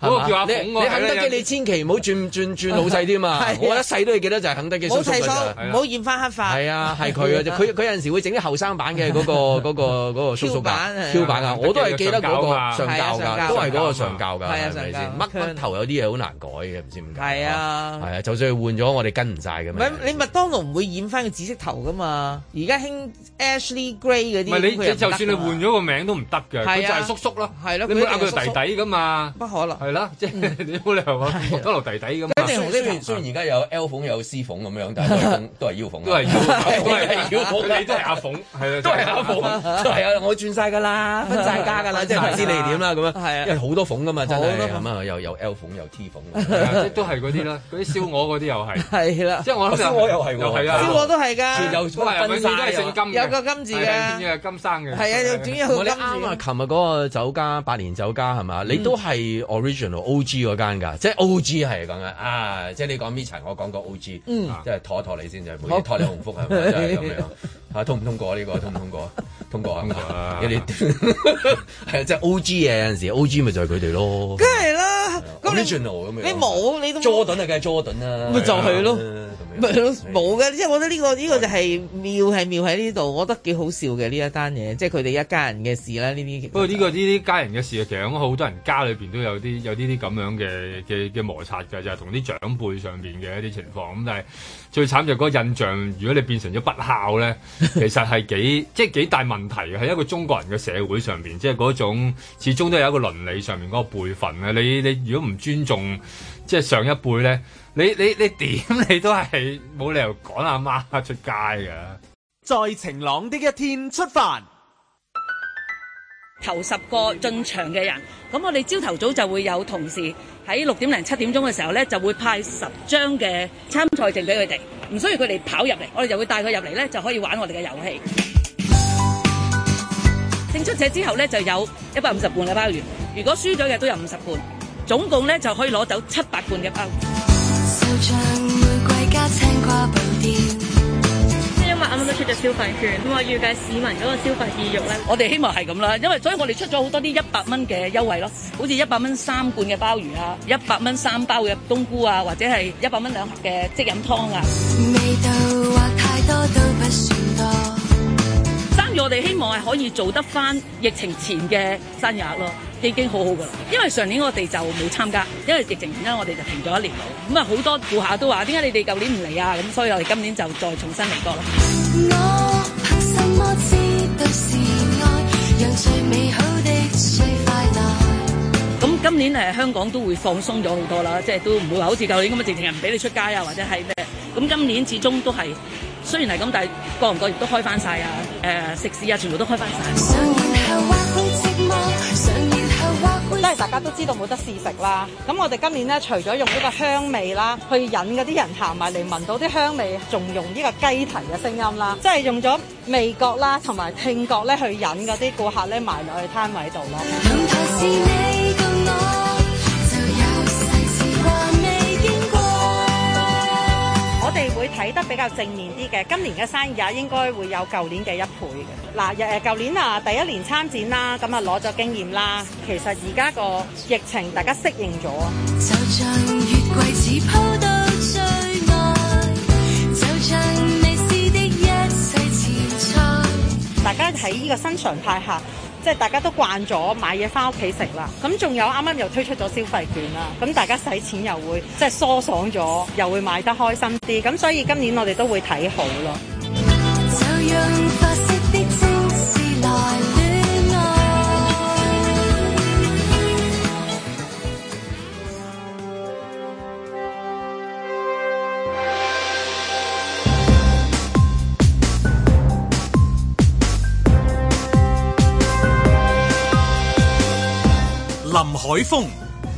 你、那個、叫阿、啊、你你肯德基你千祈唔好轉轉轉老細添嘛、 啊，我一世都係記得就係肯德基叔叔。唔好唔好染翻黑髮係啊，係佢啊！佢佢有陣時會整啲後生版嘅嗰個嗰個嗰個叔叔版、版啊！我都係記得嗰個上校噶，都係嗰個上校噶，係咪乜乜頭有啲嘢好難改嘅，唔知點解。係啊，係啊，啊，就算佢換咗，我哋跟唔晒嘅咩？你麥當勞唔會染翻個紫色頭噶嘛？而家興 Ashley Grey 嗰啲。你，啊、你就算你換咗個名都唔得㗎。佢、啊、就係叔叔啦。係咯、啊，你唔好嗌佢弟弟噶嘛。不可能。係啦、 就是啊，即係你好，你係我麥當勞弟弟咁啊？雖然雖然而家有 L 縫有 C 縫咁樣，但係都係都係腰縫，都係腰縫，都係你都係阿縫，都係阿縫，都係啊！我轉晒㗎啦，分晒家㗎啦，即係唔知你點啦咁樣。係啊，因為好多縫㗎嘛，真係咁啊！有有 L 縫有 T 縫、啊，即都係嗰啲啦，嗰啲燒鵝嗰啲又係係啦，即係、啊啊就是、我燒我又係喎，燒鵝都係㗎，全部、啊啊、都係金有個金字嘅、啊，金字金生嘅，係啊，點解、啊、金字？啱啊！琴日嗰個酒家，百年酒家係嘛？你都係 O.G. 嗰間㗎，即係 O.G. 係咁樣啊，即係你講 Mitch 我講個 O.G.，即係托一托。你先就，托你洪福係咪，真係咁 樣。 啊、通唔通過呢、啊這個通唔通, 通過啊？通過啊！啲 係、就是、啊，即係 O.G. 嘅有陣時，O.G. 咪就係佢哋咯。梗係啦 o n 咁樣你冇你都 Jordan, Jordan 啊，梗係 Jordan 啦。咪就係咯，冇㗎、就是！即係我覺得呢、這個呢、這個就係妙係妙喺呢度。我覺得幾好笑嘅呢一單嘢，即係佢哋一家人嘅事啦。呢啲不過呢、這個呢啲家人嘅事啊，其實咁好多人家裏面都有啲有啲啲咁樣嘅嘅嘅摩擦嘅，就係同啲長輩上面嘅一啲情況咁，但最慘就嗰印象，如果你變成咗不孝咧，其實係幾即係幾大問題嘅。喺一個中國人嘅社會上面，即係嗰種始終都有一個倫理上面嗰個輩分。你你如果唔尊重即係上一輩咧，你你你點你都係冇理由趕阿媽、媽出街嘅。在晴朗的一天出發。頭十個進場嘅人，咁我哋朝頭早就會有同事喺六點零七點鐘嘅時候呢，就會派十張嘅參賽證俾佢哋，唔需要佢哋跑入嚟，我哋就會帶佢入嚟呢，就可以玩我哋嘅遊戲。勝出者之後呢，就有一百五十罐嘅鮑魚，如果輸咗嘅都有五十罐，總共呢，就可以攞走七百罐嘅鮑魚。出咗消費券，咁我預計市民嗰個消費意欲咧，我哋希望係咁啦，因為所以我哋出咗好多啲一百蚊嘅優惠咯，好似一百蚊三罐嘅鮑魚啊，一百蚊三包嘅冬菇啊，或者係一百蚊兩盒嘅即飲湯啊。味道太多。我哋希望係可以做得翻疫情前嘅生日咯，已經好好噶啦。因為上年我哋就冇參加，因為疫情而家我哋就停咗一年。咁啊好多顧客都話：點解你哋舊年唔嚟啊？咁所以我哋今年就再重新嚟過啦。我憑什麼知道是愛，讓最美好的最快樂。咁今年誒香港都會放鬆咗好多啦，即係都唔會話好似舊年咁啊，直情係唔俾你出街啊，或者係咩？咁今年始終都係。雖然係咁，但係過唔過節都開翻晒啊！誒、呃，食肆啊，全部都開翻晒。都係大家都知道冇得試食啦。咁我哋今年咧，除咗用呢個香味啦，去引嗰啲人行埋嚟聞到啲香味，仲用呢個雞啼嘅聲音啦，即係用咗味覺啦，同埋聽覺咧去引嗰啲顧客咧，埋落去攤位度咯。嗯嗯。會睇得比較正面啲嘅，今年嘅生意也應該會有舊年嘅一倍嘅。嗱，誒，舊年啊，第一年參展啦，咁就，攞咗經驗啦。其實而家個疫情，大家適應咗。就像月季似鋪到最愛，就像你似的一切前菜。大家喺呢個新常態下。即係大家都慣咗買嘢翻屋企食啦，咁仲有啱啱又推出咗消費券啦，咁大家使錢又會即係疏爽咗，又會買得開心啲，咁所以今年我哋都會睇好咯。林海峰，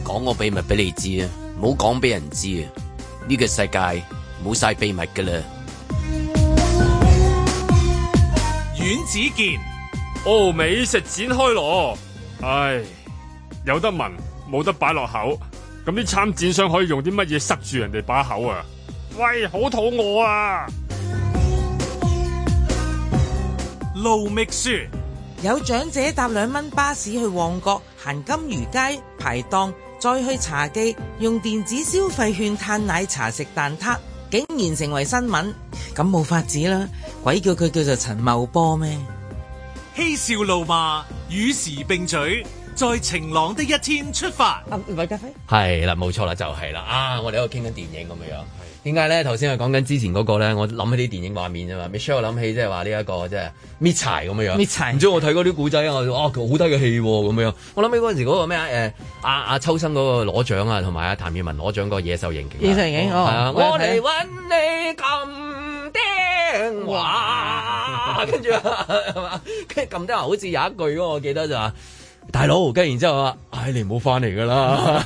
講個秘密俾你知啊，唔好講俾人知啊，呢個世界冇晒秘密噶啦。阮子健，哦，美食展開囉，唉，有得聞冇得擺落口，咁啲參展商可以用啲乜嘢塞住人哋把口啊？喂，好肚餓啊！盧覓雪有長者搭兩蚊巴士去旺角行金魚街排檔，再去茶記用電子消費券嘆奶茶食蛋撻，竟然成為新聞，咁冇法子啦！鬼叫佢叫做陳茂波咩？嬉笑怒罵與時並舉，在晴朗的一天出發。啊、嗯，唔係咖啡，係、嗯、啦，冇錯啦，就係、是、啦啊！我哋喺度傾緊電影咁樣。點解咧？頭先我講緊之前嗰個咧，我諗起啲電影畫面啫嘛，這個。Michelle 諗起即係話呢一個即係 mithai 咁樣樣，mithai。然之後我睇嗰啲古仔，我哦好低嘅戲咁樣。我諗起嗰陣時嗰個咩啊？誒、啊，阿、啊、阿秋生嗰個攞獎啊，同埋阿譚耀文攞獎嗰個野獸型、啊、型。警、哦。野獸刑警？我嚟搵你咁釘話，跟住跟住咁釘好似有一句嘅，我記得就說。大佬，跟住然之後話：唉、哎，你唔好翻嚟㗎啦！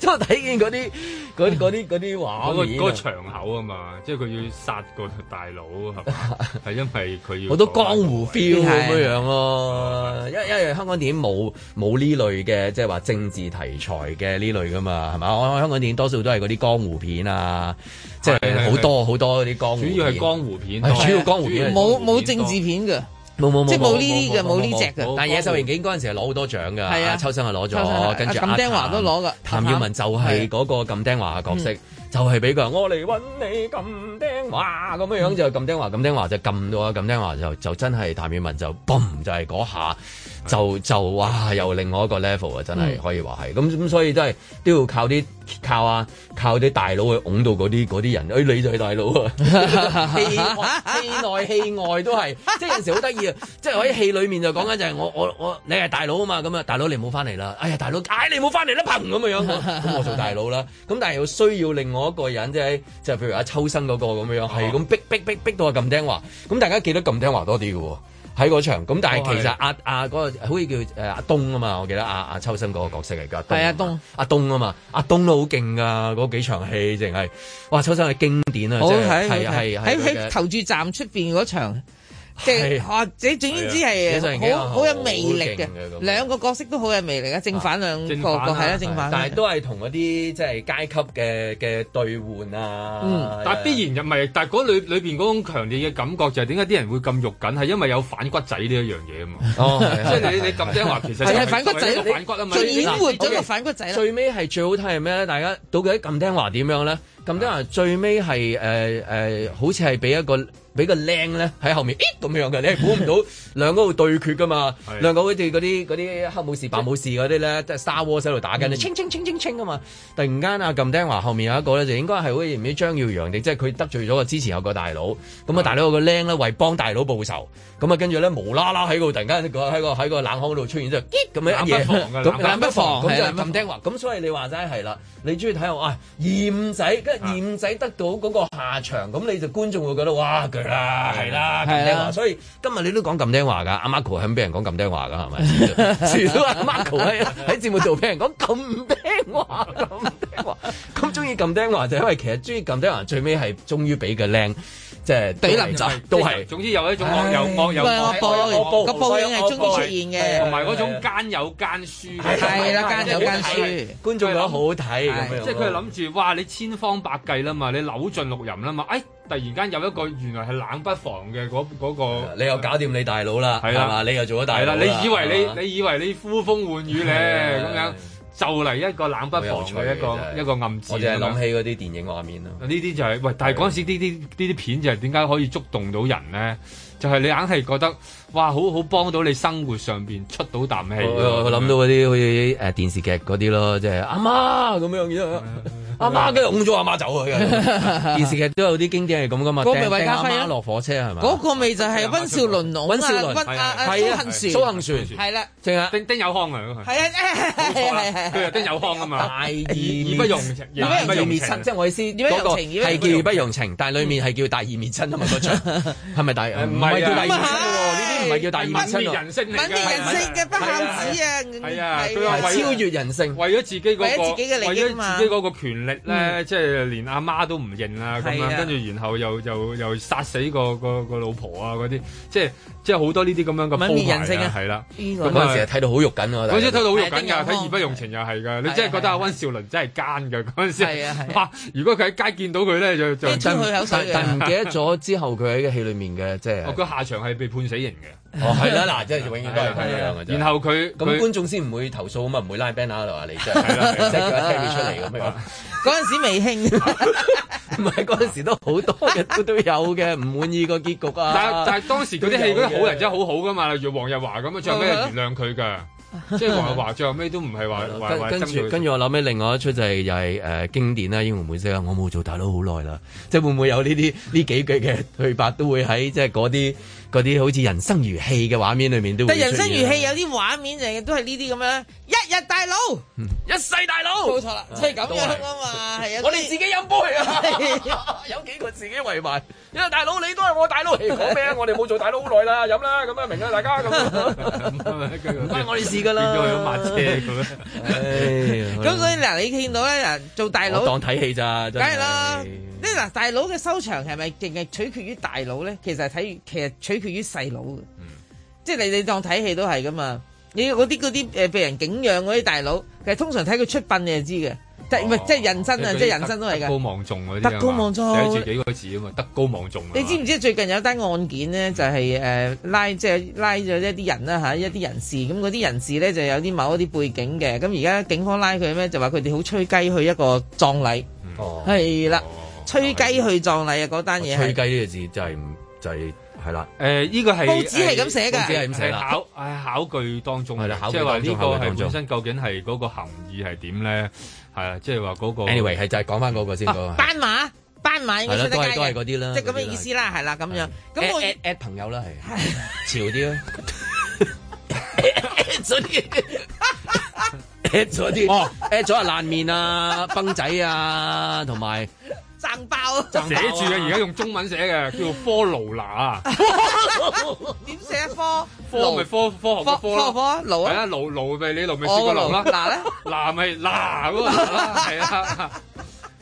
即係睇見嗰啲嗰嗰啲嗰啲話嗰個場口啊嘛，即係佢要殺個大佬係，係 因為佢要好多江湖 feel 咁樣樣、啊、咯。因為因為香港電影冇冇呢類嘅即係話政治題材嘅呢類㗎嘛，係嘛？我香港電影多數都係嗰啲江湖片啊，即係好多好多嗰啲江湖片。主要係江湖片，主要江湖片，江湖片，冇冇政治片㗎。冇冇冇，即係冇呢啲嘅，冇呢隻嘅。但係野獸刑警嗰陣時係攞好多獎㗎，阿、啊、秋生係攞咗，跟住咁丁華都攞㗎。譚耀文就係嗰個咁丁華嘅角色，啊、就係俾佢我嚟揾你咁丁華咁樣樣、嗯、就咁丁華咁丁華就撳到啊咁丁華就就真係譚耀文就嘣，就係、是、嗰下。就就哇，又另外一個 level 啊！真係可以話係咁咁，所以都係都要靠啲靠啊，靠啲大佬去擁到嗰啲啲人。誒、哎，你就係大佬啊！戲 內戲外都係，即係有陣時好得意啊！即係喺戲裡面就講緊就係、是、我我我，你係大佬啊嘛咁啊，樣 大佬你唔好翻嚟啦！哎呀，大佬唉、哎、你唔好翻嚟啦，憑咁嘅樣咁我做大佬啦。咁 但係又需要另外一個人，即係即係譬如阿秋生嗰、那個咁樣，係 咁逼逼逼逼，逼到我咁聽話。咁大家記得咁聽話多啲㗎喎。喺嗰場，咁但係其實阿阿嗰、哦啊啊嗰個好似叫誒阿、啊、東啊嘛，我記得阿、啊、阿、啊、秋生嗰個角色嚟噶，係阿東阿、啊啊啊、東啊嘛，阿、啊、東都好勁噶，嗰幾場戲，淨係哇，秋生係經典啊，哦、即係係係喺喺投注站出邊嗰場。即係，或者總言之係好好有魅力嘅，兩個角色都好有魅力嘅，正反兩個角色啦，正反。但係都係同嗰啲即係階級嘅嘅對換啊。嗯，但係必然又唔係，但係嗰裏裏邊嗰種強烈嘅感覺就係點解啲人會咁肉緊，係因為有反骨仔呢一樣嘢啊嘛。哦，即係你你咁聽話，其實係反骨仔咯，反骨啊嘛。最尾活咗個反骨仔啦。最尾係最好睇係咩咧？大家到底咁聽話點樣咧？咁聽話最尾係誒誒，好似係俾一個。俾個僆咧喺後面，咦咁樣嘅，你係估唔到 兩個喺度對決㗎嘛？兩個好似嗰啲啲黑武士白武士嗰啲咧，即係 Star Wars 喺度打緊咧。清清清清清㗎嘛！突然間阿撳聽話，後面有一個咧，就應該係好似唔知張耀揚定即係佢得罪咗個之前有個大佬。咁啊大佬有個僆咧為幫大佬報仇，咁啊跟住咧無啦啦喺度突然間喺個喺冷巷度出現咁樣冷不防咁啊撳聽話。咁所以你話齋係啦，你中意睇我啊？僆仔，跟住僆仔得到嗰個下場，咁你就觀眾會覺得哇！啦，係啦，咁聽話，所以今日你都講咁聽話噶，阿 Marco 係咪俾人講咁聽話噶，係咪？是啦 ，Marco 喺喺節目度俾人講咁唔聽話，咁聽話，咁中意咁聽話就係、是、因為其實中意咁聽話最尾係終於俾個靚。即係懟林仔，都係。總之有一種又惡又惡，個、哎哎哎、報應係、哎、終於出現嘅。同埋嗰種奸有奸輸嘅，係啦，奸有奸輸。觀眾覺得好睇。即係佢諗住，哇！你千方百計啦嘛，你扭盡六壬啦嘛，哎！突然間有一個原來係冷不防嘅嗰、嗰個嗰個，你又搞掂你大佬啦，係嘛？你又做咗大佬啦。你以為你你以為你呼風喚雨咧咁樣？就嚟一個冷不防嘅一個一個暗字，我就諗起嗰啲電影畫面咯。呢啲就係、是、喂，但係嗰陣時呢啲呢啲片就係點解可以觸動到人咧？就係、是、你硬係覺得。哇，好好幫到你生活上面出到啖氣。我、哦、諗到嗰啲好似誒電視劇嗰啲咯，即係阿媽咁樣嘅，阿、啊、媽佢㧬咗阿媽走啊。就是、 電視劇都有啲經典係咁噶嘛。嗰、 那個咪韋家輝啊，落火車係咪？嗰個咪就係温兆倫攏溫蘇杏璇。係啦，仲有丁丁有康啊，嗰個係。係係係，佢係丁有康啊嘛。大義不容情，容情？即係我意思，嗰個係叫不容情，但係裡面係叫大義滅親同嘛？嗰出，係咪大？唔係叫大唔係叫大義滅親，泯滅人性，人性嘅不孝子啊！啊,啊,啊,啊,啊,啊，超越人性，為咗自己、嗰個、為咗自己嘅利益為咗自己嗰個權力咧、嗯，即係連阿媽,媽都唔認啊咁樣跟住然後又又又殺死個個老婆啊嗰啲，即係即係好多呢啲咁樣嘅鋪排。係啦，嗰陣、啊啊啊、時睇到好肉緊我哋，嗰陣時睇到好肉緊㗎，睇、啊啊、義不容情又係㗎，你真係覺得阿温兆倫真係奸㗎嗰陣時、啊。如果佢喺街見到佢咧，就就就，但唔記得咗之後，佢喺嘅戲裡面嘅，即係個下場係被判死刑嘅。哦，係、啊啊、啦，嗱，即係永遠都係咁樣嘅、啊啊啊、然後佢咁觀眾先唔會投訴啊嘛，唔會拉 banner 喺度話你啫，set 咗一車出嚟咁、啊啊、樣、啊。嗰陣時未興、啊，唔係嗰陣時都好多嘅，都都有嘅唔滿意個結局啊。但係但係當時嗰啲戲啲好，人真係好好噶嘛，例如黃日華咁樣最後屘係原諒佢㗎。即係黃日華最後尾都唔係話。跟住跟住我諗屘另外一出就係又係誒、呃、經典啦，《英雄本色》啊，我冇做大佬好耐啦，即係會唔會有呢啲呢幾句嘅對白都會喺即係嗰啲？嗰啲好似人生如戲嘅畫面裏面都會，但人生如戲有啲畫面就都係呢啲咁樣，一日大佬，一世大佬，冇錯啦，即係咁樣啊嘛，係啊，我哋自己飲杯啊， 有幾個自己圍埋， 因為大佬你都係我大佬嚟，講咩啊？ 我哋冇做大佬好耐啦，飲啦，咁啊明啊大家咁，唔關 我哋事噶啦，變咗去抹車咁樣，咁所以嗱你見到咧，做大佬當睇戲咋，梗係啦，呢嗱大佬嘅收場係咪淨係取決於大佬咧？其實睇，其實取。取決於細佬嘅，即係你你當睇戲都係噶嘛？你嗰啲嗰啲誒，被人敬仰嗰啲大佬，其實通常睇佢出殯你就知嘅、哦。即係人生啊，即係人生都係嘅。德高望重啲啊幾個字啊嘛，德高望重。你知唔知最近有一單案件呢、就是嗯，就係、是、誒拉即係拉咗一啲人啦吓，一啲人士咁嗰啲人士咧就有啲某一啲背景嘅。咁而家警方拉佢咩？就話佢哋好吹雞去一個葬禮，係、嗯、啦、哦，吹雞去葬禮啊！嗰單嘢。吹雞呢個字真係唔就係。係啦，誒、哎、呢、這個係報紙係咁寫嘅，報紙係咁寫啦。考誒考句當中，即係話呢個係本身究竟係嗰個含義係點咧？係啊，即係話嗰個 anyway 係就係講翻嗰個先。嗰、啊、斑、那個啊、馬斑馬應該對都係都係嗰啲啦，即係咁嘅意思啦，係啦咁樣。咁我 at at 朋友啦，係 潮啲啦，at 咗啲，at 咗啲，at 咗啊爛面啊，崩 仔啊，同埋。掙爆，就寫住嘅而家用中文寫嘅，叫做科勞拿。點寫科？科咪科，科學嘅科啦。勞啊，勞勞咪你勞咪試過勞啦。拿咧，拿咪拿喎，係啊。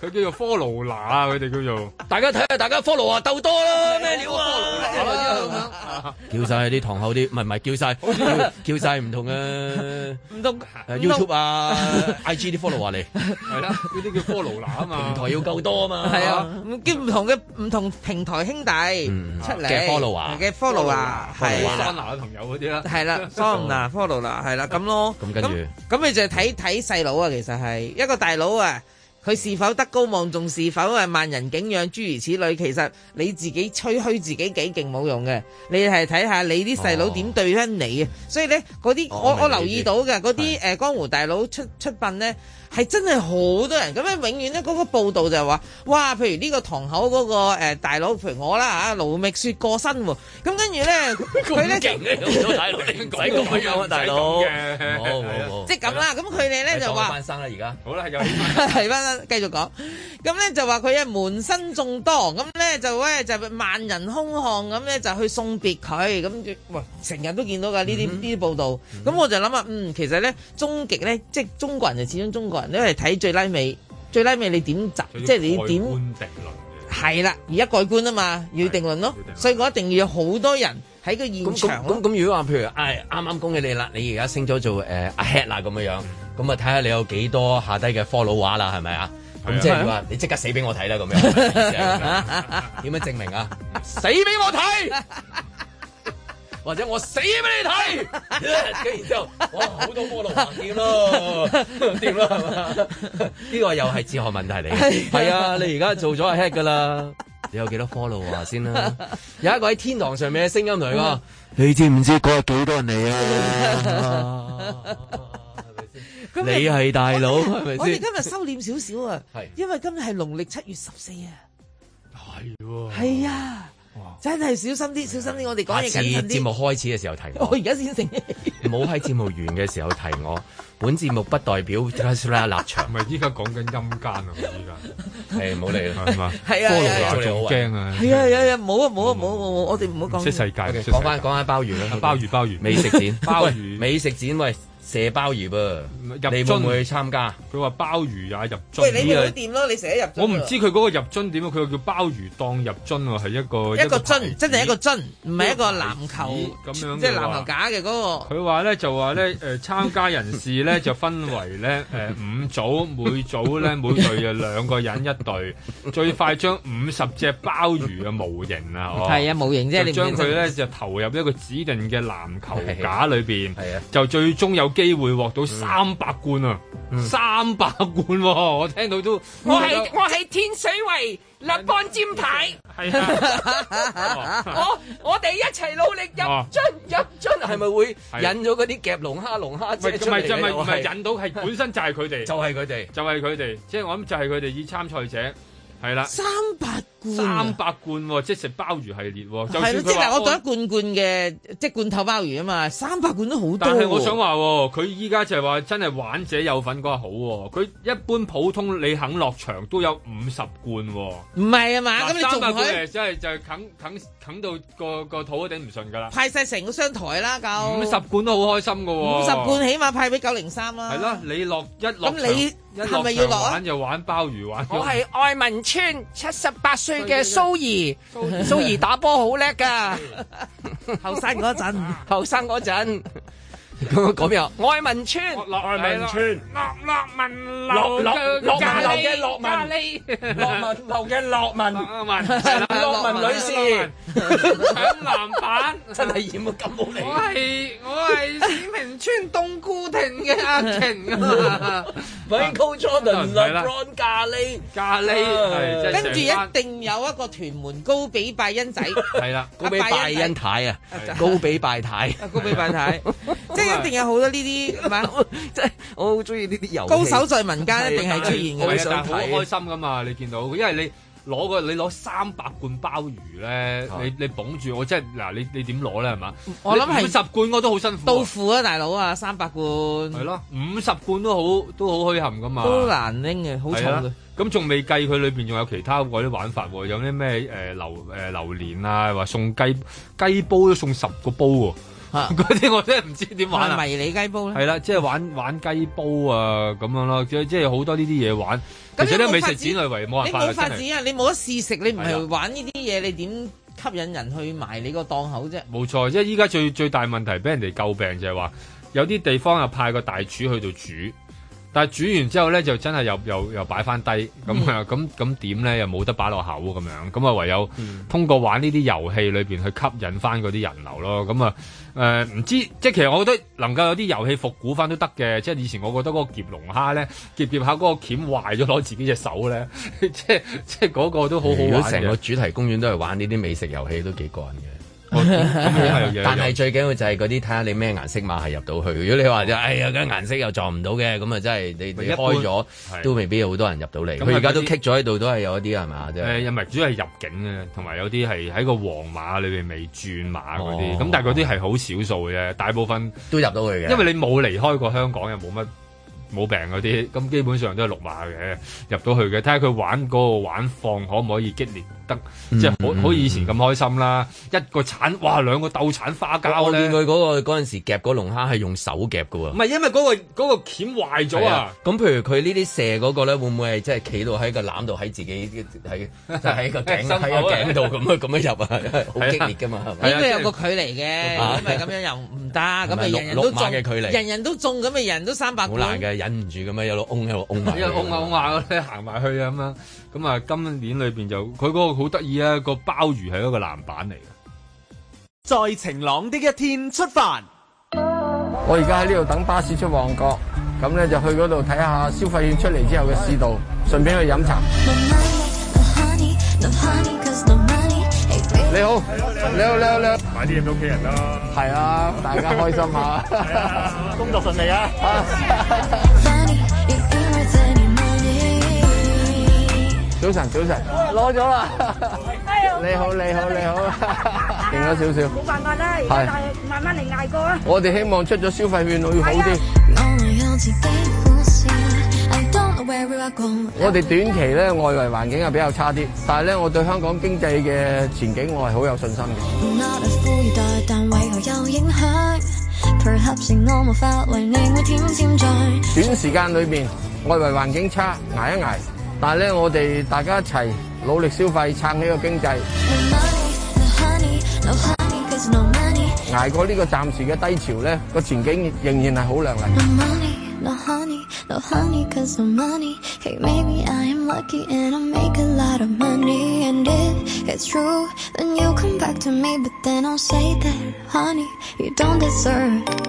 佢叫做 follow 哪，佢哋叫做大家睇下，大家 follow 啊鬥多啦咩料啊！叫晒啲堂口啲，唔係唔係叫晒叫晒唔同嘅，唔同 YouTube 啊 IG 啲 follow 嚟，係啦，呢啲叫 follow 哪嘛，平台要夠多啊嘛，係啊，叫唔同嘅唔同平台兄弟出嚟嘅 follow 啊，嘅 follow 啊，係 follow 哪嘅朋友嗰啲啦，係啦 follow 哪 follow 哪，係啦咁咯，咁跟住咁你就睇睇細佬啊，其實係一個大佬啊。佢是否德高望重，是否係萬人敬仰，諸如此類。其實你自己吹噓自己幾勁冇用嘅，你係睇下你啲細佬點對得你啊！哦、所以呢，嗰啲我、哦、我，我留意到嘅嗰啲誒江湖大佬出出殯呢係真係好多人咁咧，永遠咧嗰個報導就係話，哇，譬如呢個堂口嗰、那個、欸、大佬譬如我啦嚇、啊，盧覓雪過身喎，咁、啊、跟住咧佢咧就唔理 都、 啊、 大佬，即係咁啦。咁佢哋咧就話、是，好啦，又翻啦，繼續講。咁咧就話佢係門生眾多，咁咧就咧就萬人空巷咁咧就去送別佢。咁成日都見到㗎呢啲呢啲報導。咁、嗯、我就諗啊，嗯，其實咧終極咧即係中國人就始終中國人。你係睇最拉尾，最拉尾你點集？即係你點？係啦，而家改觀啊嘛要，要定論咯。所以我一定要有好多人喺個現場。咁咁如果話譬如唉，啱、哎、啱恭喜你，你、呃 Ahead、啦，你而家升咗做誒阿 Head 啦咁樣樣，咁啊睇下你有幾多下低嘅 follow 話啦，係咪啊？咁即係話你即刻死俾我睇啦，咁樣點樣 證明啊？ 死俾我睇！ 或者我死俾你睇，咁然之後，哇多好多 follow 啊，點咯，點咯，係嘛？呢、呢個又係哲學問題嚟，係 啊，你而家做咗係 head 噶啦。你 有幾多 follow 啊？先啦。有一個喺天堂上面嘅聲音嚟，你你知唔知嗰日幾多人嚟啊？ 你係大佬係咪先？我哋今日收斂少少啊， 因為今日係農曆七月十四啊。係喎。係啊。真係小心啲，小心啲！我哋講嘢謹慎啲。下次節目開始嘅時候提我。我而家先成唔好喺節目完嘅時候提我。本節目不代表阿小麗阿立場。唔係依家講緊陰間啊！依家係唔好理啦，係嘛？係啊！菠蘿又驚啊！係啊！冇啊？冇啊！冇冇冇！我哋唔好講。識世界，okay, 世界。講翻講下鮑魚啦。鮑魚 鮑魚。美食展。鮑魚美食展喂。射鮑魚喎，入樽你會唔會去參加？佢話鮑魚啊入樽、入樽，你店咯？你成日入、入、入樽？我唔知佢嗰個入樽點，佢佢叫鮑魚當入樽喎，係一個一個樽，個真正一個樽，唔係一個籃球，樣即係籃球架嘅嗰、嗰個。佢話咧就話咧誒，參加人士咧就分為咧、呃、五組，每組咧每隊兩個人一隊， 最快將五十隻鮑魚嘅模型、 哦、係啊，係啊模型啫，將佢咧就投入一個指定嘅籃球架裏面、啊。就最終有。機會獲到三百冠啊！三百冠，我聽到都我係我係天水圍立邦尖太，我我哋一齊努力入樽入樽，係咪會引咗嗰啲夾龍蝦龍蝦車出嚟？唔係唔係引到係本身就係佢哋，就係佢哋，就係佢哋，即係我諗就係佢哋以參賽者係啦，三百。三百罐、啊、即食鮑魚系列，是就係即係，我覺得罐罐嘅、哦、即罐頭鮑魚啊嘛，三百罐都好多。但係我想話喎，佢依家就係話真係玩者有份嗰下好喎，佢一般普通你肯落場都有五十罐喎。唔係啊嘛，咁你仲係即係就係、是、啃啃啃到個個肚都頂唔順㗎啦。派晒成個商台啦，咁五十罐都好開心㗎喎、啊。五十罐起碼派俾九零三啦。係啦，你落一落咁你係咪要落玩就玩鮑魚玩，玩。我係愛民村七十八歲嘅蘇怡，蘇怡打波好叻噶，後生嗰陣，後生嗰陣。咁講咩啊？我係愛民村，落落民村，落落民樓，落落落民樓嘅落民，落民樓嘅落民，落民女士搶籃板，真係演到咁冇理。我係我係市明村東姑亭嘅阿婷，Michael Jordan 落 Brown 咖喱咖喱，跟住一定有一個屯門高比拜恩仔，係啦，高比拜恩太啊，高比拜太，高比拜太，即係。一定有好多呢啲，係 嘛是吧？即 係我好中意呢啲遊戲，高手在民間，一定係出現嘅。好開心噶嘛？你見到，因為你攞個你攞三百罐鮑魚咧，你呢你，你捧住我，我即係嗱，你你點攞咧？係嘛？我諗係五十罐我都好辛苦，啊。豆腐啊，大佬啊，三百罐。係咯，五十罐都好都好虛憾噶嘛。都難拎嘅，好重。咁仲未計佢裏邊仲有其他嗰啲玩法，啊，有啲咩誒榴誒、呃、榴蓮啊，話，送雞雞煲都送十個煲，啊。嗰 啲我真係唔知點玩、啊、迷你雞煲咧，係啦、啊，即、就、係、是、玩玩雞煲啊咁樣咯，即係好多呢啲嘢玩你有有。其實啲美食展類為冇啊？你冇發展啊！你冇得試食，你唔係玩呢啲嘢，啊、你點吸引人去埋你個檔口啫？冇錯，即係依家最最大問題，俾人哋詬病就係話，有啲地方又派個大廚去度煮。但係煮完之後咧，就真係又又又擺翻低咁咁咁點咧？又冇、嗯啊、得擺落口咁樣，咁啊唯有通過玩呢啲遊戲裏邊去吸引翻嗰啲人流咯。咁啊誒，唔知即係其實我覺得能夠有啲遊戲復古翻都得嘅，即係以前我覺得嗰個夾龍蝦咧，夾夾下嗰個鉗壞咗，攞自己隻手咧， 即係即係嗰個都好好玩。如果成個主題公園都係玩呢啲美食遊戲，都幾過癮嘅。 哦、那 但係最緊要就係嗰啲睇下你咩顏色碼係入到去。如果你話就係啊，哎、顏色又撞唔到嘅，咁啊真係你，你開咗都未必有好多人入到嚟。佢而家都 kick 咗喺度，都係有一啲係嘛？又唔係主要係入境嘅，同埋有啲係喺個黃碼裏面未轉碼嗰啲。咁、哦、但係嗰啲係好少數嘅啫，大部分都入到去嘅。因為你冇離開過香港，又冇乜冇病嗰啲，咁基本上都係綠碼嘅入到去嘅。睇下佢玩嗰、嗰個玩放可唔可以激烈？得、嗯、即係好似以前咁開心啦、嗯嗯！一個鏟哇兩個斗鏟花膠咧，我見佢嗰、那個嗰陣時夾個龍蝦係用手夾噶喎，唔係因為嗰、那個嗰、那個鉗壞咗啊！咁、啊、譬如佢呢啲射嗰個咧，會唔會係即係企到喺個籃度，喺自己喺、就是、個係喺、 啊、個頸度咁啊咁樣入啊，好激烈噶嘛！應該、啊、有個距離嘅，咁、啊、因為咁樣又唔得，咁人人都嘅中，中，人人都中咁咪人，人都三百。好難嘅，忍唔住咁樣一路拱一路下嗰啲行埋去咁樣。咁啊，今年裏邊就佢嗰個好得意啊，個鮑魚係一個籃板嚟嘅。在晴朗的一天出發，我而家喺呢度等巴士出旺角，咁咧就去嗰度睇下消費券出嚟之後嘅市道，順便去飲茶。你好，你好，你好,你好，你好，買啲嘢俾屋企人啦。係啊，大家開心下， 工作順利啊。 早晨，早晨，攞咗啦！哎、你好，你好，你好，你好，勁咗少少，冇辦法啦，係慢慢嚟捱過啦！我哋希望出咗消費券會好啲，哎。我哋短期咧外圍環境係比較差啲，但係咧我對香港經濟嘅前景我係好有信心嘅，like。短時間裏邊外圍環境差，捱一捱。但係咧，我哋大家一齊努力消費，撐起個經濟，挨、No money, no honey, no honey, 'cause no money、過呢個暫時嘅低潮咧，個前景仍然係好亮麗。No money, no honey, no honey, 'cause no money. Hey, maybe I'm lucky and I make a lot of money. And if it's true, then you come back to me. But then I'll say that, honey, you don't deserve.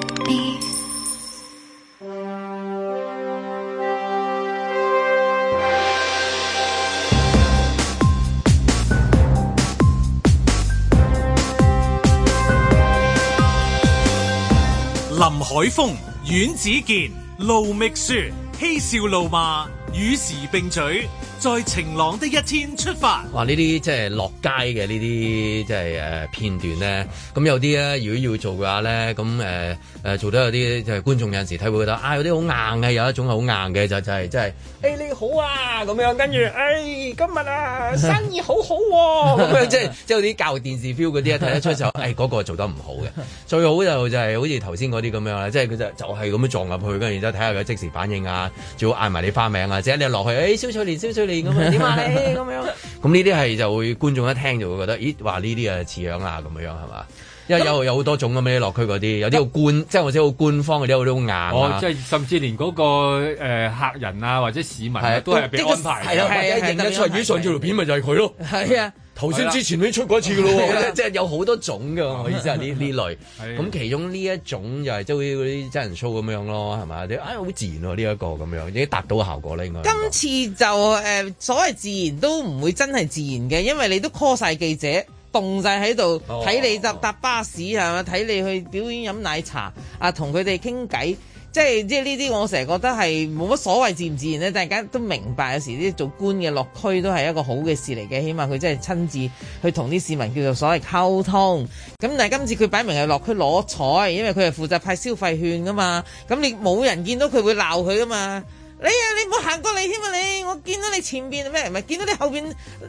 海峰、阮子健、盧覓雪，嬉笑怒罵，與時並舉。在晴朗的一天出發哇！呢啲即係落街嘅呢啲即係誒片段咧，咁有啲咧，如果要做嘅話咧，咁誒誒做得有啲，就係、是、觀眾有陣時睇會覺得啊，有啲好硬嘅，有一種好硬嘅，就是、就係真係誒你好啊咁樣，跟住誒、欸、今日啊生意好好、啊、咁 樣，即係即係啲舊電視 feel 啲啊，睇得出就誒、 哎嗰個做得唔好嘅，最好就是、像才那就係好似頭先啲咁樣啦，即係佢就就係咁樣撞入去，跟住然之後睇下佢即時反應啊，仲要嗌埋你花名啊，即係你落去誒，小翠蓮，小翠。咁 樣咁、啊、呢啲係 就會觀眾一聽就會覺得，咦話呢啲啊似樣啊咁樣係咪？因為有有好多種咁咧，落區嗰啲有啲好官，即係或者好官方嗰啲，有啲好眼硬哦，即、就、係、是、甚至連嗰、那個誒、呃、客人啊或者市民啊，啊都係被安排係啊係啊，即係上上條片咪就係佢囉。係啊。頭先之前都出過一次㗎咯，即係、啊、有好多種㗎。我、啊、意思係呢呢類，咁、啊啊、其中呢一種就係即係嗰啲真人 show 咁樣咯，係嘛？啲唉好自然喎、啊，呢、這、一個咁樣已經達到個效果啦，應該。今次就誒、呃、所謂自然都唔會真係自然嘅，因為你都 call 晒記者，動晒喺度睇你搭搭巴士係嘛？睇你去表演飲奶茶啊，同佢哋傾偈。即係即係呢啲，我成日覺得係冇乜所謂自唔自然咧。但大家都明白，有時啲做官嘅落區都係一個好嘅事嚟嘅，起碼佢真係親自去同啲市民叫做所謂溝通。咁但係今次佢擺明係落區攞彩，因為佢係負責派消費券噶嘛。咁你冇人見到佢會鬧佢㗎嘛？你啊，你冇行過嚟添啊！你，我見到你前邊咩？唔係見到你後邊，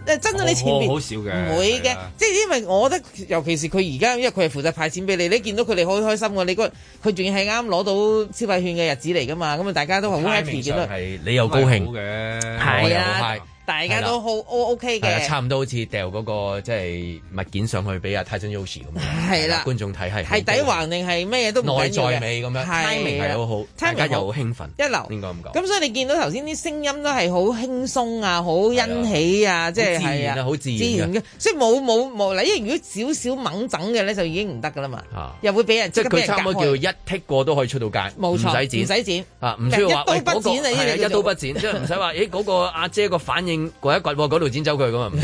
爭到你前邊好少嘅。唔會嘅，即係因為我覺得，尤其是佢而家，因為佢係負責派錢俾你，你見到佢哋好開心喎，你覺得，佢仲要係啱攞到消費券嘅日子嚟㗎嘛，咁啊大家都好 happy，見到你又高興嘅，我又好大家都好 O K 嘅，差唔多好似掉嗰個即係、就是、物件上去俾阿泰森 Yoshi 咁樣，觀眾睇係係底橫定係咩嘢都內在美咁樣，係啊，大家又好興奮，一流，應該咁講。咁所以你見到頭先啲聲音都係好輕鬆啊，好欣喜啊，即係係啊，好自然嘅，所以冇冇冇，嗱，因為如果少少猛整嘅咧，就已經唔得噶啦嘛，又會俾人即係佢差唔多叫一剔過都可以出到街，冇錯，唔使剪，唔使剪，剪，剪啊，唔需要話嗰個係、啊啊、一刀不剪，即係唔使話，咦嗰個阿姐個反應。攰一攰，嗰度剪走佢咁啊，唔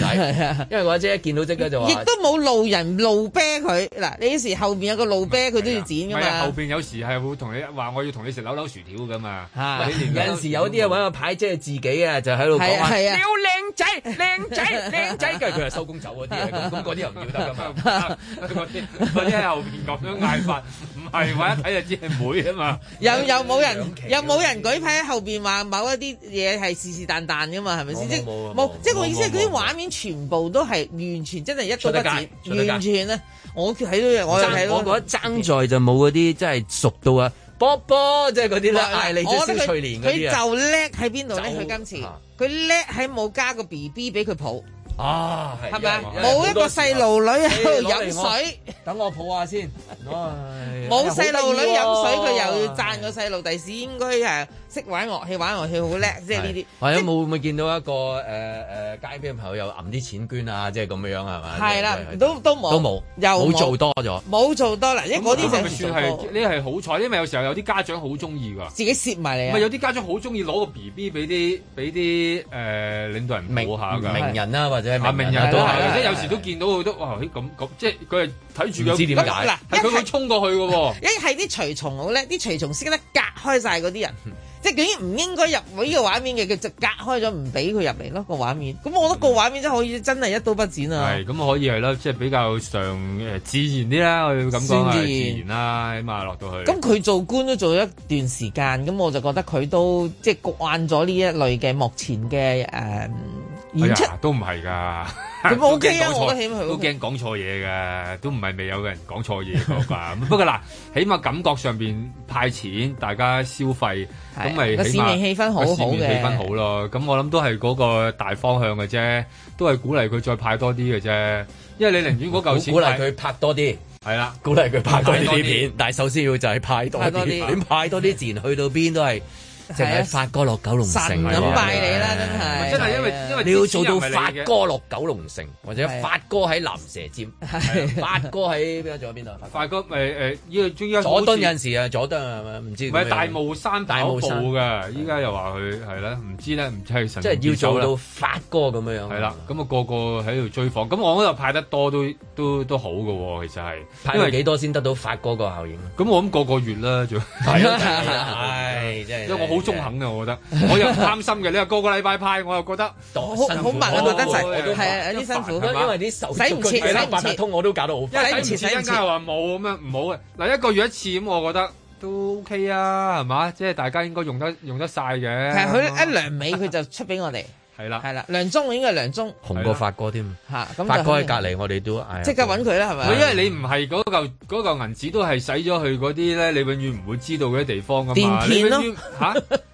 使。因為我即係一見到即刻就話。亦都冇路人路啤佢嗱，你時候面有，啊啊、面有時後邊有個路啤佢都要剪噶嘛。啊柳柳啊啊、 後邊有時係會同你話，我要同你食扭扭薯條噶嘛。有陣時有啲啊揾個牌即係自己啊，就喺度講話。係啊，靚仔靚仔靚仔，佢佢收工走嗰啲咁嗰啲又唔要得噶嘛。嗰啲喺後邊咁樣嗌法，唔係，我一睇就知係妹啊嘛。又有冇人又冇人舉牌喺後邊話某一啲嘢係是隨隨的的是但但噶嘛，係咪先？冇，即係我意思係嗰啲畫面全部都係完全真係一刀不剪完全咧。我睇到我又咯。我覺得爭在就冇嗰啲真係熟到啊，波波即係嗰啲啦。艾利斯翠蓮嗰啲啊。我覺得佢，佢就叻喺邊度咧？佢今次佢叻喺冇加個 BB 俾佢抱。啊，係咪啊？冇一個細路女喺度飲水，等我抱下先。冇細路女飲水，佢又要讚個細路。第時應該係識玩樂器，玩樂器好叻，即係呢啲。或者會唔會見到一個誒誒街邊嘅朋友又揞啲錢捐啊，即係咁樣樣係咪？係啦，都都冇，都冇，又冇做多咗，冇做多啦。因為嗰啲就算係你係好彩，因為有時候有啲家長好中意噶，自己攝埋嚟。唔係有啲家長好中意攞個 B B 俾啲俾啲誒領導人抱下噶，名人啦或。啊！名人都係，即係有時都見到好多哇！啲咁咁，即係佢係睇住佢點解？嗱，佢會衝過去嘅喎。一係啲隨從好叻，啲隨從識得隔開曬嗰啲人，即係竟然唔應該入呢個畫面嘅，佢就隔開咗，唔俾佢入嚟咯個畫面。咁我覺得個畫面真可以，真係一刀不剪啊！係咁可以係咯，即係比較上誒自然啲啦，佢感覺係自然啦，起碼落到去。咁佢做官都做咗一段時間，咁我就覺得佢都即係慣咗呢一類嘅目前嘅誒。都唔係噶。都驚講、啊、錯，都驚講錯嘢㗎，都唔係未有嘅人講錯嘢個 不過嗱，起碼感覺上面派錢，大家消費咁咪 起碼氣氛好好，氣氛好咯。咁我諗都係嗰個大方向嘅啫，都係鼓勵佢再派多啲嘅啫。因為你寧願嗰嚿錢鼓勵佢拍多啲，係啦，鼓勵佢拍多啲片。但係首先要就係派多啲片，派多啲自然去到邊都係。淨係發哥落九龍城咁拜你啦，真係，真係因為因為你要做到發哥落九龍城或者發哥喺蚺蛇尖，發哥喺邊啊？仲喺邊度？發哥誒誒，呢個中央佐敦有陣時啊，佐敦唔知唔係大霧山大霧步嘅，依家又話佢係啦，唔知咧，唔知佢神。即係要做到發哥咁樣樣係啦，咁啊個個喺度追訪，咁我嗰度派得多都都都好嘅，其實係派幾多先得到發哥個效應？咁我諗個個月啦，仲係真係。好中肯嘅，我覺得，我又擔心嘅，你又個個禮拜派，我又覺得好好慢，我覺得滯，係啊，有啲辛苦，因為啲洗唔切，唔切，辦唔通，我都搞到好，一洗唔切，一陣間又話冇咁樣，唔好嘅，嗱一個月一次咁，我覺得都 OK 啊，係嘛？即係大家應該用得用得曬嘅，其實佢一兩尾佢就出俾我哋。係啦，係啦，梁宗應該係梁宗，紅過發哥添，吓咁、啊，發哥喺隔籬，我哋都即刻揾佢啦，係咪、啊啊啊？因為你唔係嗰嚿嗰嚿銀紙，都係使咗去嗰啲咧，你永遠唔會知道嗰啲地方噶嘛，吓、啊。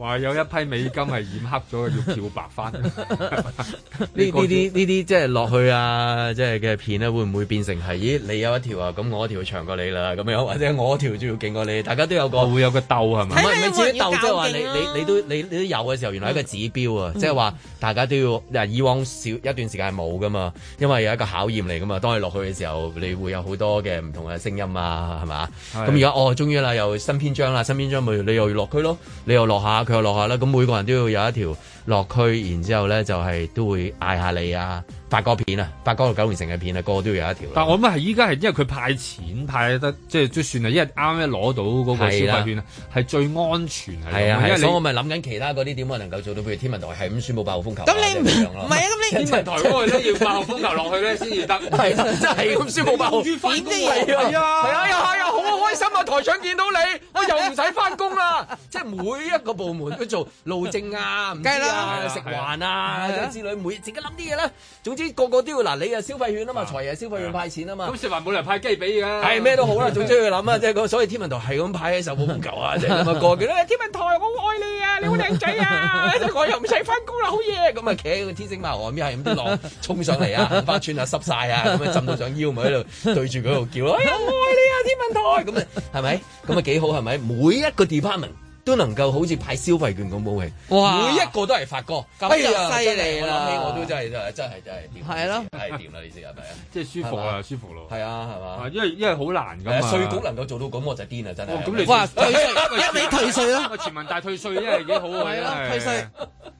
話有一批美金係染黑咗， 要漂白翻。呢呢啲呢啲即係落去啊，即係嘅片咧，會唔會變成係咦？你有一條啊，咁我一條長過你啦，咁樣，或者我條仲要勁過你？大家都有個會有個鬥係咪？唔係唔係鬥，即係話你你你都你你都有嘅時候，原來係一個指標啊！即係話大家都要以往少一段時間係冇噶嘛，因為有一個考驗嚟噶嘛。當你落去嘅時候，你會有好多嘅唔同嘅聲音啊，係嘛？咁而家哦，終於啦，有新篇章啦！新篇章，咪你又要落區咯，你又落下去。佢落下啦，咁每個人都要有一條落區，然之後咧就係、是、都會嗌下你啊。八個片啊，八個九年成嘅片啊，個個都要有一條。但我諗係依家係因為佢派錢派得即係都算是一係啊，係啊，係啊，因為啱啱攞到嗰個消費券啊，係最安全係啊，所以我咪諗緊其他嗰啲點樣能夠做到，譬如天文台係咁宣佈八號風,、啊啊啊 風, 啊、風球。咁你唔係啊？咁你天文台都係咧要八號風球落去咧先至得，真係咁宣佈八號風。點知係啊？係啊！係啊！好開心啊！台長見到你， 我又唔使翻工啦！ 即係每一個部門都做路政啊，唔計啦，食環啊，啊啊啊啊之類每日自己諗啲嘢啦。總之。啲個個都要嗱，你嘅消費券啊嘛，財爺消費券派錢啊嘛，咁說話冇人派雞髀㗎，係、哎、咩都好啦，總之要諗啊，即係所以天文台係咁派喺手候會唔夠啊，即係咁啊過天文台，我好愛你啊，你好靚仔啊，我又唔使翻工啦，好嘢、啊，咁啊企喺個天星碼頭外面係咁啲浪沖上嚟啊，花串啊濕晒啊，咁啊浸到上腰咪喺度對住佢度叫，我好愛你啊天文台，咁啊係咪咁啊幾好係咪？每一個 department。都能夠好似派消費券咁武器，哇！每一個都係發哥，咁又犀利啦！哎、的我，我都真係真係真係真係掂，係咯，係掂啦，你啊，係啊，即係、就是、舒服啊，舒服咯，係啊，係嘛？因為因為好難噶嘛，稅局能夠做到咁，我就癲啦，真係、哦。哇！一、哎哎、你退稅啦，全、哎、民大退稅真係幾好啊！啦 退稅，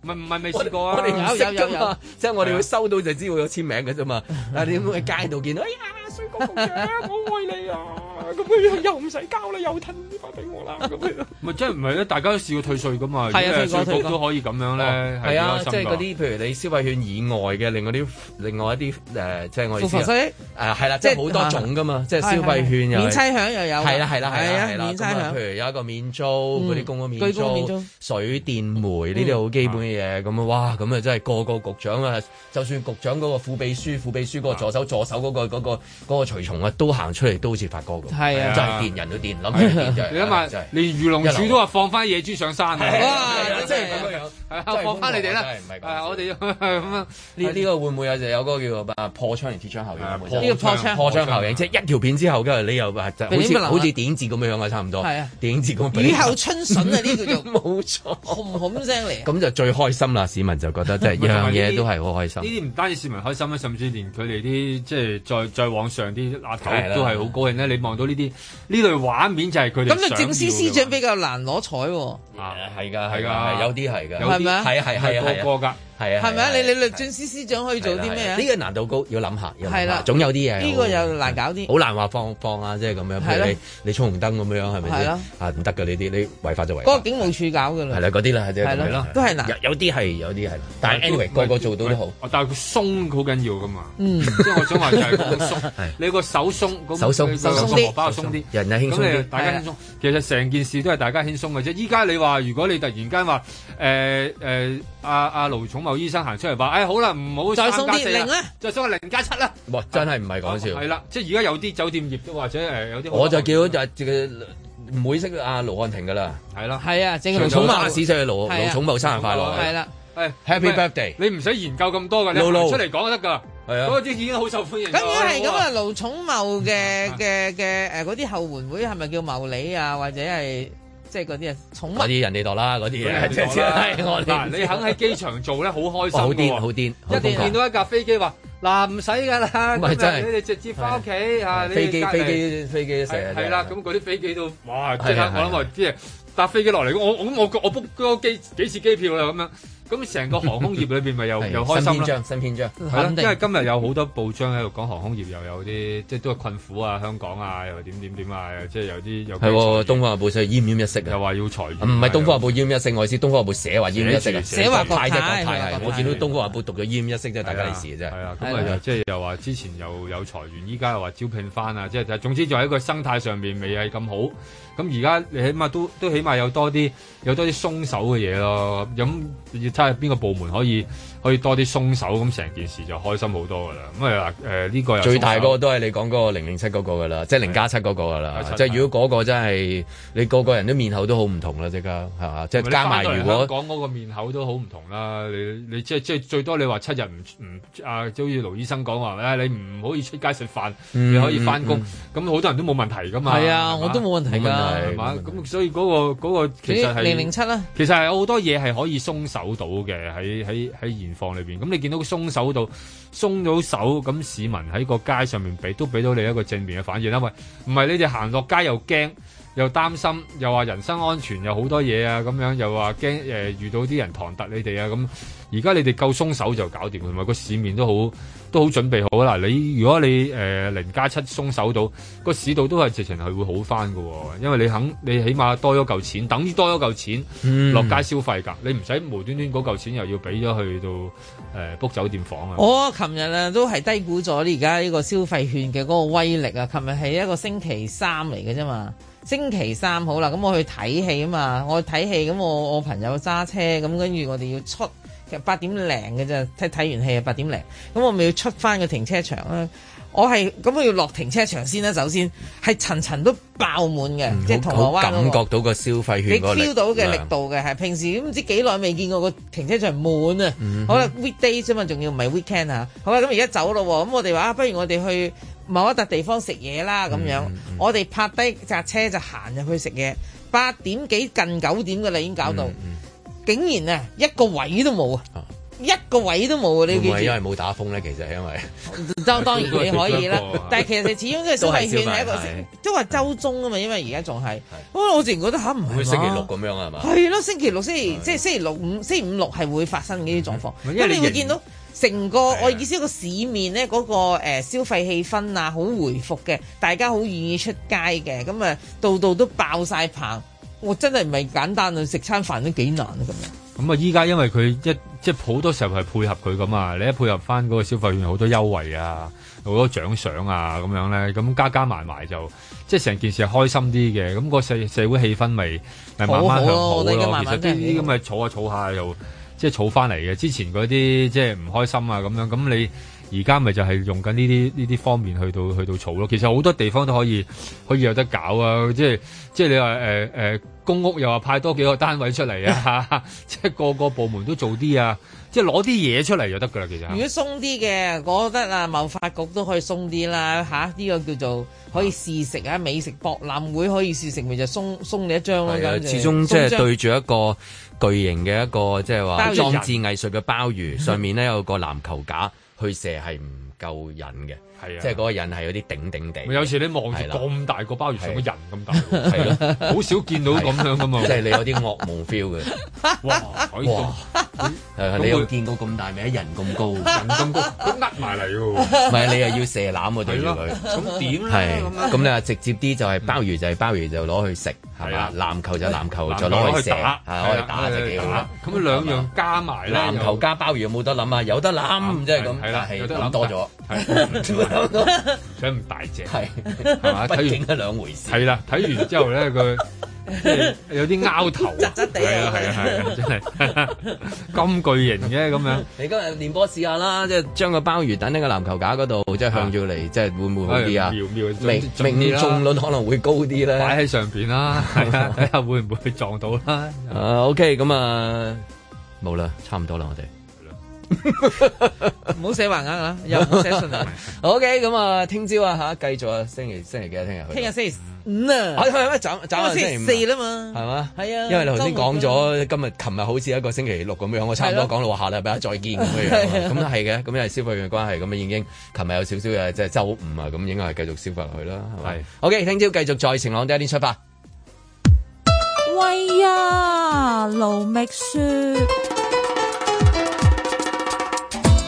唔係唔係未試過啊？我哋唔識即係我哋會收到就知我有簽名嘅啫嘛。 但係你喺街度見到， 哎呀，稅局，局 長，我愛你啊！ 又唔使交啦，又騰翻俾我啦，咁咪即係唔係咧？大家都試過退稅噶嘛，稅局都、啊、可以咁樣咧。係 啊，即係嗰啲譬如你消費券以外嘅另外啲另外一啲、呃、即係我意思。房稅係啦，即係好多種噶嘛，即係、啊啊啊、消費券又免差餉又有。係啦係啦係啦。啦、啊啊啊啊，譬如有一個免租嗰啲、嗯、公共免租，租、水電煤呢啲好基本嘅嘢。咁、啊啊、哇，咁啊真係個個局長啊，就算局長嗰個副秘書、副秘書嗰個助手、助手嗰個隨從啊，都行出嚟都好似發哥咁。就係、是、癲人都癲諗住癲，就你諗下，連漁農署都話放翻野豬上山，哇！即係咁樣，係啊，放翻你哋啦。係我哋咁啊。呢呢、啊啊啊啊啊這個會唔會有就有個叫做破窗而鐵窗效應？呢、啊啊這個破窗破窗效應，即係、啊就是、一條片之後，跟住你又話就好似電影節咁樣啊，樣差唔多。係啊，電影節咁雨後春筍啊，呢個叫冇錯，哄 哄聲嚟、啊。咁就最開心啦！市民就覺得真係 樣嘢都係好開心。呢啲唔單止市民開心啊，甚至連佢哋啲即係再再往上啲壓頭都係好高興咧。你望到呢啲。呢類畫面就係佢哋咁，就律政司司長比較難攞彩。哦，啊係噶係噶，有啲係噶，係咪啊？係係係個個噶，係啊，係咪啊？你你律政司司長可以做啲咩啊？呢、這個難度高，要諗下，係啦，總有啲嘢，呢、這個又難搞啲，好難話放放啊，即係咁樣，譬如你你衝紅燈咁樣，係咪先？啊唔得噶呢啲，你違法就違法，嗰個警務處搞噶啦，係啦，嗰啲啦，係啫，係咯，都係難，有啲係，有啲係，但係 anyway 個個做到都好，但係佢鬆好緊要噶嘛，嗯，即係我想話就係嗰個鬆，你個手鬆，手鬆，手鬆人輕鬆啲，大家輕鬆。其實成件事都係大家輕鬆嘅啫。依家你話，如果你突然間話，誒、呃、誒，阿阿盧寵茂醫生行出嚟話，哎好啦，唔好再送啲零啦，再送個零加七啦。哇，真係唔係講笑。係、啊、啦，即係而家有啲酒店業都或者誒有啲，我就叫就唔會識阿盧漢庭噶啦。係啦係啊，正盧寵茂四十歲，盧盧寵茂生日快樂。係啦。係 Happy birthday！你唔使研究咁多噶，你露出嚟講就得噶。係啊，嗰啲已經好受歡迎。咁我係咁啊，盧寵茂嘅嘅嘅，誒，嗰啲後援會係咪叫茂李啊？或者係即係嗰啲啊？寵物嗰啲人哋度啦，嗰啲嘢。嗱，你肯喺機場做咧，好開心。好癲，好癲。一年見到一架飛機，話嗱唔使噶啦，咁啊，你直接翻屋企啊。飛機，飛機，飛機，成日。係啦，咁嗰啲飛機都哇！即刻我諗我即係搭飛機落嚟，我我我我 book 多機幾次機票啦，咁樣。咁成個航空業裏邊咪又 新又開心新篇章，新篇章。因為、啊、今日有好多報章喺度講航空業又有啲，即係都係困苦啊，香港啊，又點點點啊，又即係有啲有。係喎、哦，東方日報寫奄奄一息又話要裁員。唔、啊、係東方日報奄奄一息、啊，我意思東方日報寫話奄奄一息寫，寫，寫話國泰國泰。我見到東方日報讀咗奄奄一息，即係大家利是㗎啫。係啊，咁啊，即係又話之前又有裁員，依家又話招聘翻啊，即係總之就係一個生態上面未係咁好。咁而家你起碼都都起碼有多啲有多啲鬆手嘅嘢咯，咁睇下邊個部門可以可以多啲鬆手咁，成件事就開心好多噶啦。咁啊誒呢個最大都個都係你講嗰個零零七嗰個噶啦，即係零加七嗰個噶啦。即係如果嗰個真係你個個人都面口都好唔同啦、嗯，即刻，即係加埋如果講嗰個面口都好唔同啦。你你即係即係最多你話七日唔唔啊，好似盧醫生講話你唔可以出街食飯、嗯，你可以翻工。咁、嗯、好多人都冇問題噶嘛。係、嗯、啊，我都冇問題㗎，係、嗯、嘛？咁所以嗰、那個嗰、那個其實係零零七啦。其實係好、啊、多嘢係可以鬆手到嘅，喺喺喺情況裏邊，咁你見到鬆手度鬆咗手，咁市民喺個街上面俾都俾到你一個正面嘅反應啦，喂，唔係你哋行落街又驚。又擔心，又話人身安全有、啊，又好多嘢啊！咁樣又話驚遇到啲人唐突你哋啊！咁而家你哋夠鬆手就搞掂，同埋個市面都好都好準備好啦。你如果你誒零加七鬆手到個市道都係直情係會好翻噶、哦，因為你肯你起碼多咗嚿錢，等於多咗嚿錢、嗯、落街消費㗎。你唔使無端端嗰嚿錢又要俾咗去到誒 book 酒店房啊。我琴日啊都係低估咗你而家呢個消費券嘅嗰個威力啊！琴日係一個星期三嚟嘅啫嘛。星期三好啦，咁我去睇戲啊嘛，我去睇戲咁我我朋友揸車咁跟住我哋要出，其實八點零嘅啫，睇睇完戲啊八點零，咁我咪要出翻個停車場啦、啊。我係咁我要落停車場先啦、啊，首先係層層都爆滿嘅、嗯，即係銅鑼灣、嗰個、感覺到個消費圈。你 feel 到嘅力度嘅，係平時都唔知幾耐未見過個停車場滿啊、嗯。好啦，weekday 啫嘛，仲要唔係 weekend 啊。好啦，咁而家走咯喎、啊，咁我哋話不如我哋去。某一笪地方食嘢啦咁樣，嗯嗯、我哋泊低架車就行入去食嘢。八點幾近九點嘅啦，已經搞到、嗯嗯，竟然啊一個位都冇啊，一個位都冇啊！你唔係因為冇打風咧，其實係因為當當然你可以啦，但係其實始終都係所係算係一個，都話周中啊嘛，因為而家仲係。我自然覺得吓唔係星期六咁樣係嘛？係咯，星期六、星期即係星期六五、星期五、星期六係會發生呢啲狀況。因為你會、嗯、見到？成個、啊、我意思個市面咧、那個，嗰、呃、個消費氣氛啊，好回復嘅，大家好願意出街嘅，咁、嗯、啊，度度都爆晒棚，我真係唔係簡單啊，食餐飯都幾難啊咁樣。咁、嗯、啊，依家因為佢一即係好多時候係配合佢咁啊，你一配合翻嗰個消費券好多優惠啊，好多獎賞啊咁樣咧，咁加加埋埋就即係成件事係開心啲嘅，咁、那個社社會氣氛咪係慢慢向好咯。好好啊、你慢慢其實啲啲咁咪，坐下坐下又。即係儲翻嚟嘅，之前嗰啲即係唔開心啊咁樣，咁你而家咪就係用緊呢啲呢啲方面去到去到儲咯。其實好多地方都可以可以有得搞啊！即係即係你話誒、呃呃、公屋又話派多幾個單位出嚟啊！即係個個部門都做啲啊！即係攞啲嘢出嚟就得噶啦，其實。如果鬆啲嘅，我覺得啊，貿發局都可以鬆啲啦，吓、啊、呢、呢個叫做可以試食啊，美食博覽會可以試食咪就鬆鬆你一張咯、啊。始終即係對住一個巨型嘅一個即係話裝置藝術嘅鮑魚上面咧，有個籃球架去射係唔夠癮嘅。 係啊，即係嗰個人係有啲頂頂地。有時你望住咁大個鮑魚，似個、啊啊、人咁大，係咯、啊，好、啊、少見到咁樣噶嘛、啊啊。即係你有啲惡夢 feel 嘅。哇！哇嗯啊嗯、你有會見過咁大咩？人咁高，人咁高，都呃埋嚟喎。唔係你又要射籃喎對住咁點咧？咁你話直接啲就係鮑魚就係鮑，、嗯、鮑魚就攞去食係嘛？籃球就係籃，球籃球就攞去打，攞去打就幾好啦。咁兩樣加埋籃球加鮑魚有冇得諗啊！有得諗即係咁，但係諗多咗。 唔想咁大隻，係係嘛？睇完係兩回事。係啦，睇完之後咧，佢 有啲拗頭，扎扎地，係啊，係啊，係啊，啊，真係咁 巨型嘅咁 樣。你今日練波試下將、啊會會好啊、喵喵啦，即係將個鮑魚等喺個籃球架嗰度，即係向住嚟，即係會唔會好啲啊？命中率可能會高啲咧。擺喺上邊啦、啊，睇 下是、啊、 會唔會撞到啦？啊 OK 咁啊，冇啦，差唔多啦，我哋。唔好寫橫額啊，又唔好寫信啊。OK，咁啊，聽朝啊吓，繼續啊，星期星期幾啊？聽、啊、日，聽日星期五啊。係咪？早早星期四啊嘛，係嘛？係啊。因為你頭先講咗今日、琴日好似一個星期六咁樣，我差唔多講到下禮拜一、啊、再見咁樣。咁都係嘅，咁因為消費嘅關係，咁啊已經琴日有少少嘅即係周五啊，咁應該係繼續消費落去啦。係。OK 聽朝繼續再晴朗，第一天出發。喂啊，盧覓雪。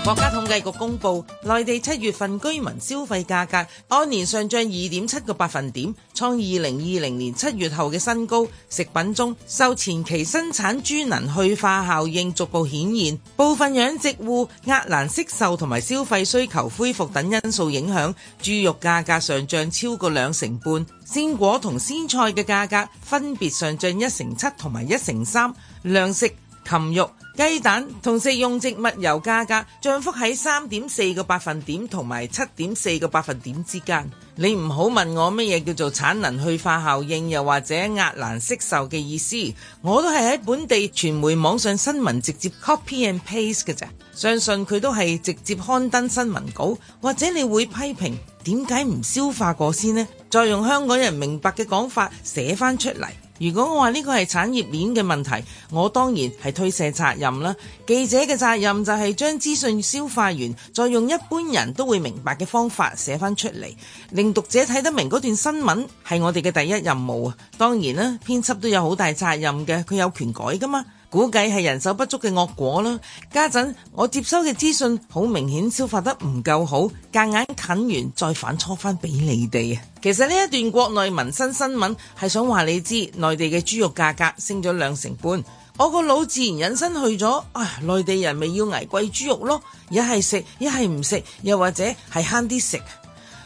國家統計局公布，內地七月份居民消費價格按年上漲二點七個百分點，創二零二零年七月後嘅新高。食品中，受前期生產豬能去化效應逐步顯現、部分養殖戶壓欄惜售同埋消費需求恢復等因素影響，豬肉價格上漲超過兩成半。鮮果同鮮菜嘅價格分別上漲一成七同埋一成三。糧食、禽肉。雞蛋同食用植物油價格漲幅喺三點四個百分點同埋七點四個百分點之間。你唔好問我乜嘢叫做產能去化效應，又或者壓欄惜售嘅意思，我都係喺本地傳媒網上新聞直接 copy and paste 嘅啫。相信佢都係直接刊登新聞稿，或者你會批評點解唔消化過先呢？再用香港人明白嘅講法寫翻出嚟。如果我話呢個係產業鏈嘅問題，我當然係推卸責任啦。記者嘅責任就係將資訊消化完，再用一般人都會明白嘅方法寫翻出嚟，令讀者睇得明嗰段新聞係我哋嘅第一任務啊。當然啦，編輯都有好大責任嘅，佢有權改㗎嘛。估計係人手不足嘅惡果啦，家陣我接收嘅資訊好明顯消化得唔夠好，夾硬啃完再反芻翻俾你哋啊！其實呢一段國內民生新聞係想話你知，內地嘅豬肉價格升咗兩成半，我個腦自然引申去咗，啊！內地人咪要捱貴豬肉咯，一係食一係唔食，又或者係慳啲食。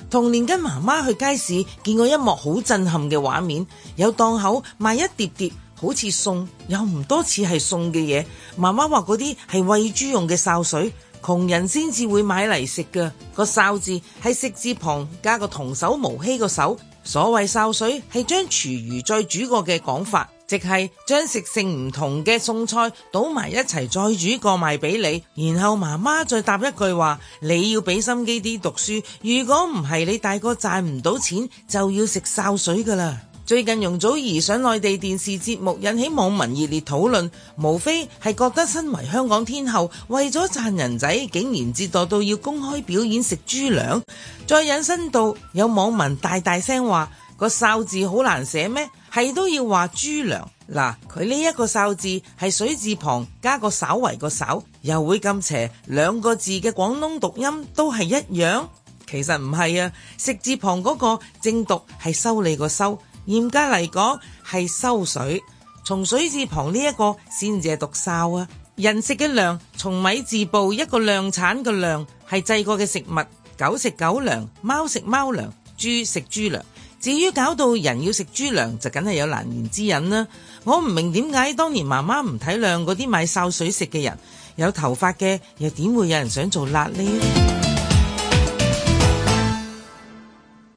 童年跟媽媽去街市見過一幕好震撼嘅畫面，有檔口賣一碟碟。好似餸，又唔多似係餸嘅嘢。媽媽話嗰啲係餵豬用嘅潲水，窮人先至會買嚟食㗎。個潲字係食字旁加個同手無欺個手，所謂潲水係將廚餘再煮過嘅講法，即係將食性唔同嘅餸菜倒埋一齊再煮過賣俾你。然後媽媽再答一句話：你要俾心機啲讀書，如果唔係你大個賺唔到錢，就要食潲水噶啦。最近容祖兒上內地電視節目引起網民熱烈討論，無非係覺得身為香港天后，為咗賺人仔，竟然折墮到要公開表演食豬糧，再引申到有網民大大聲話個「潲」字好難寫咩？係都要話豬糧嗱，佢呢一個「潲」字係水字旁加個稍為個「稍」，又會咁邪，兩個字嘅廣東讀音都係一樣。其實唔係啊，食字旁嗰個正讀係收你個收。嚴格嚟講係收水，從水字旁呢、這、一個先至係毒哨啊！人食嘅糧從米字部一個量產嘅糧，係製過嘅食物，狗食狗糧，貓食貓糧，豬食豬糧。至於搞到人要食豬糧，就梗係有難言之隱啦。我唔明點解當年媽媽唔體諒嗰啲買潲水食嘅人，有頭髮嘅又點會有人想做辣呢？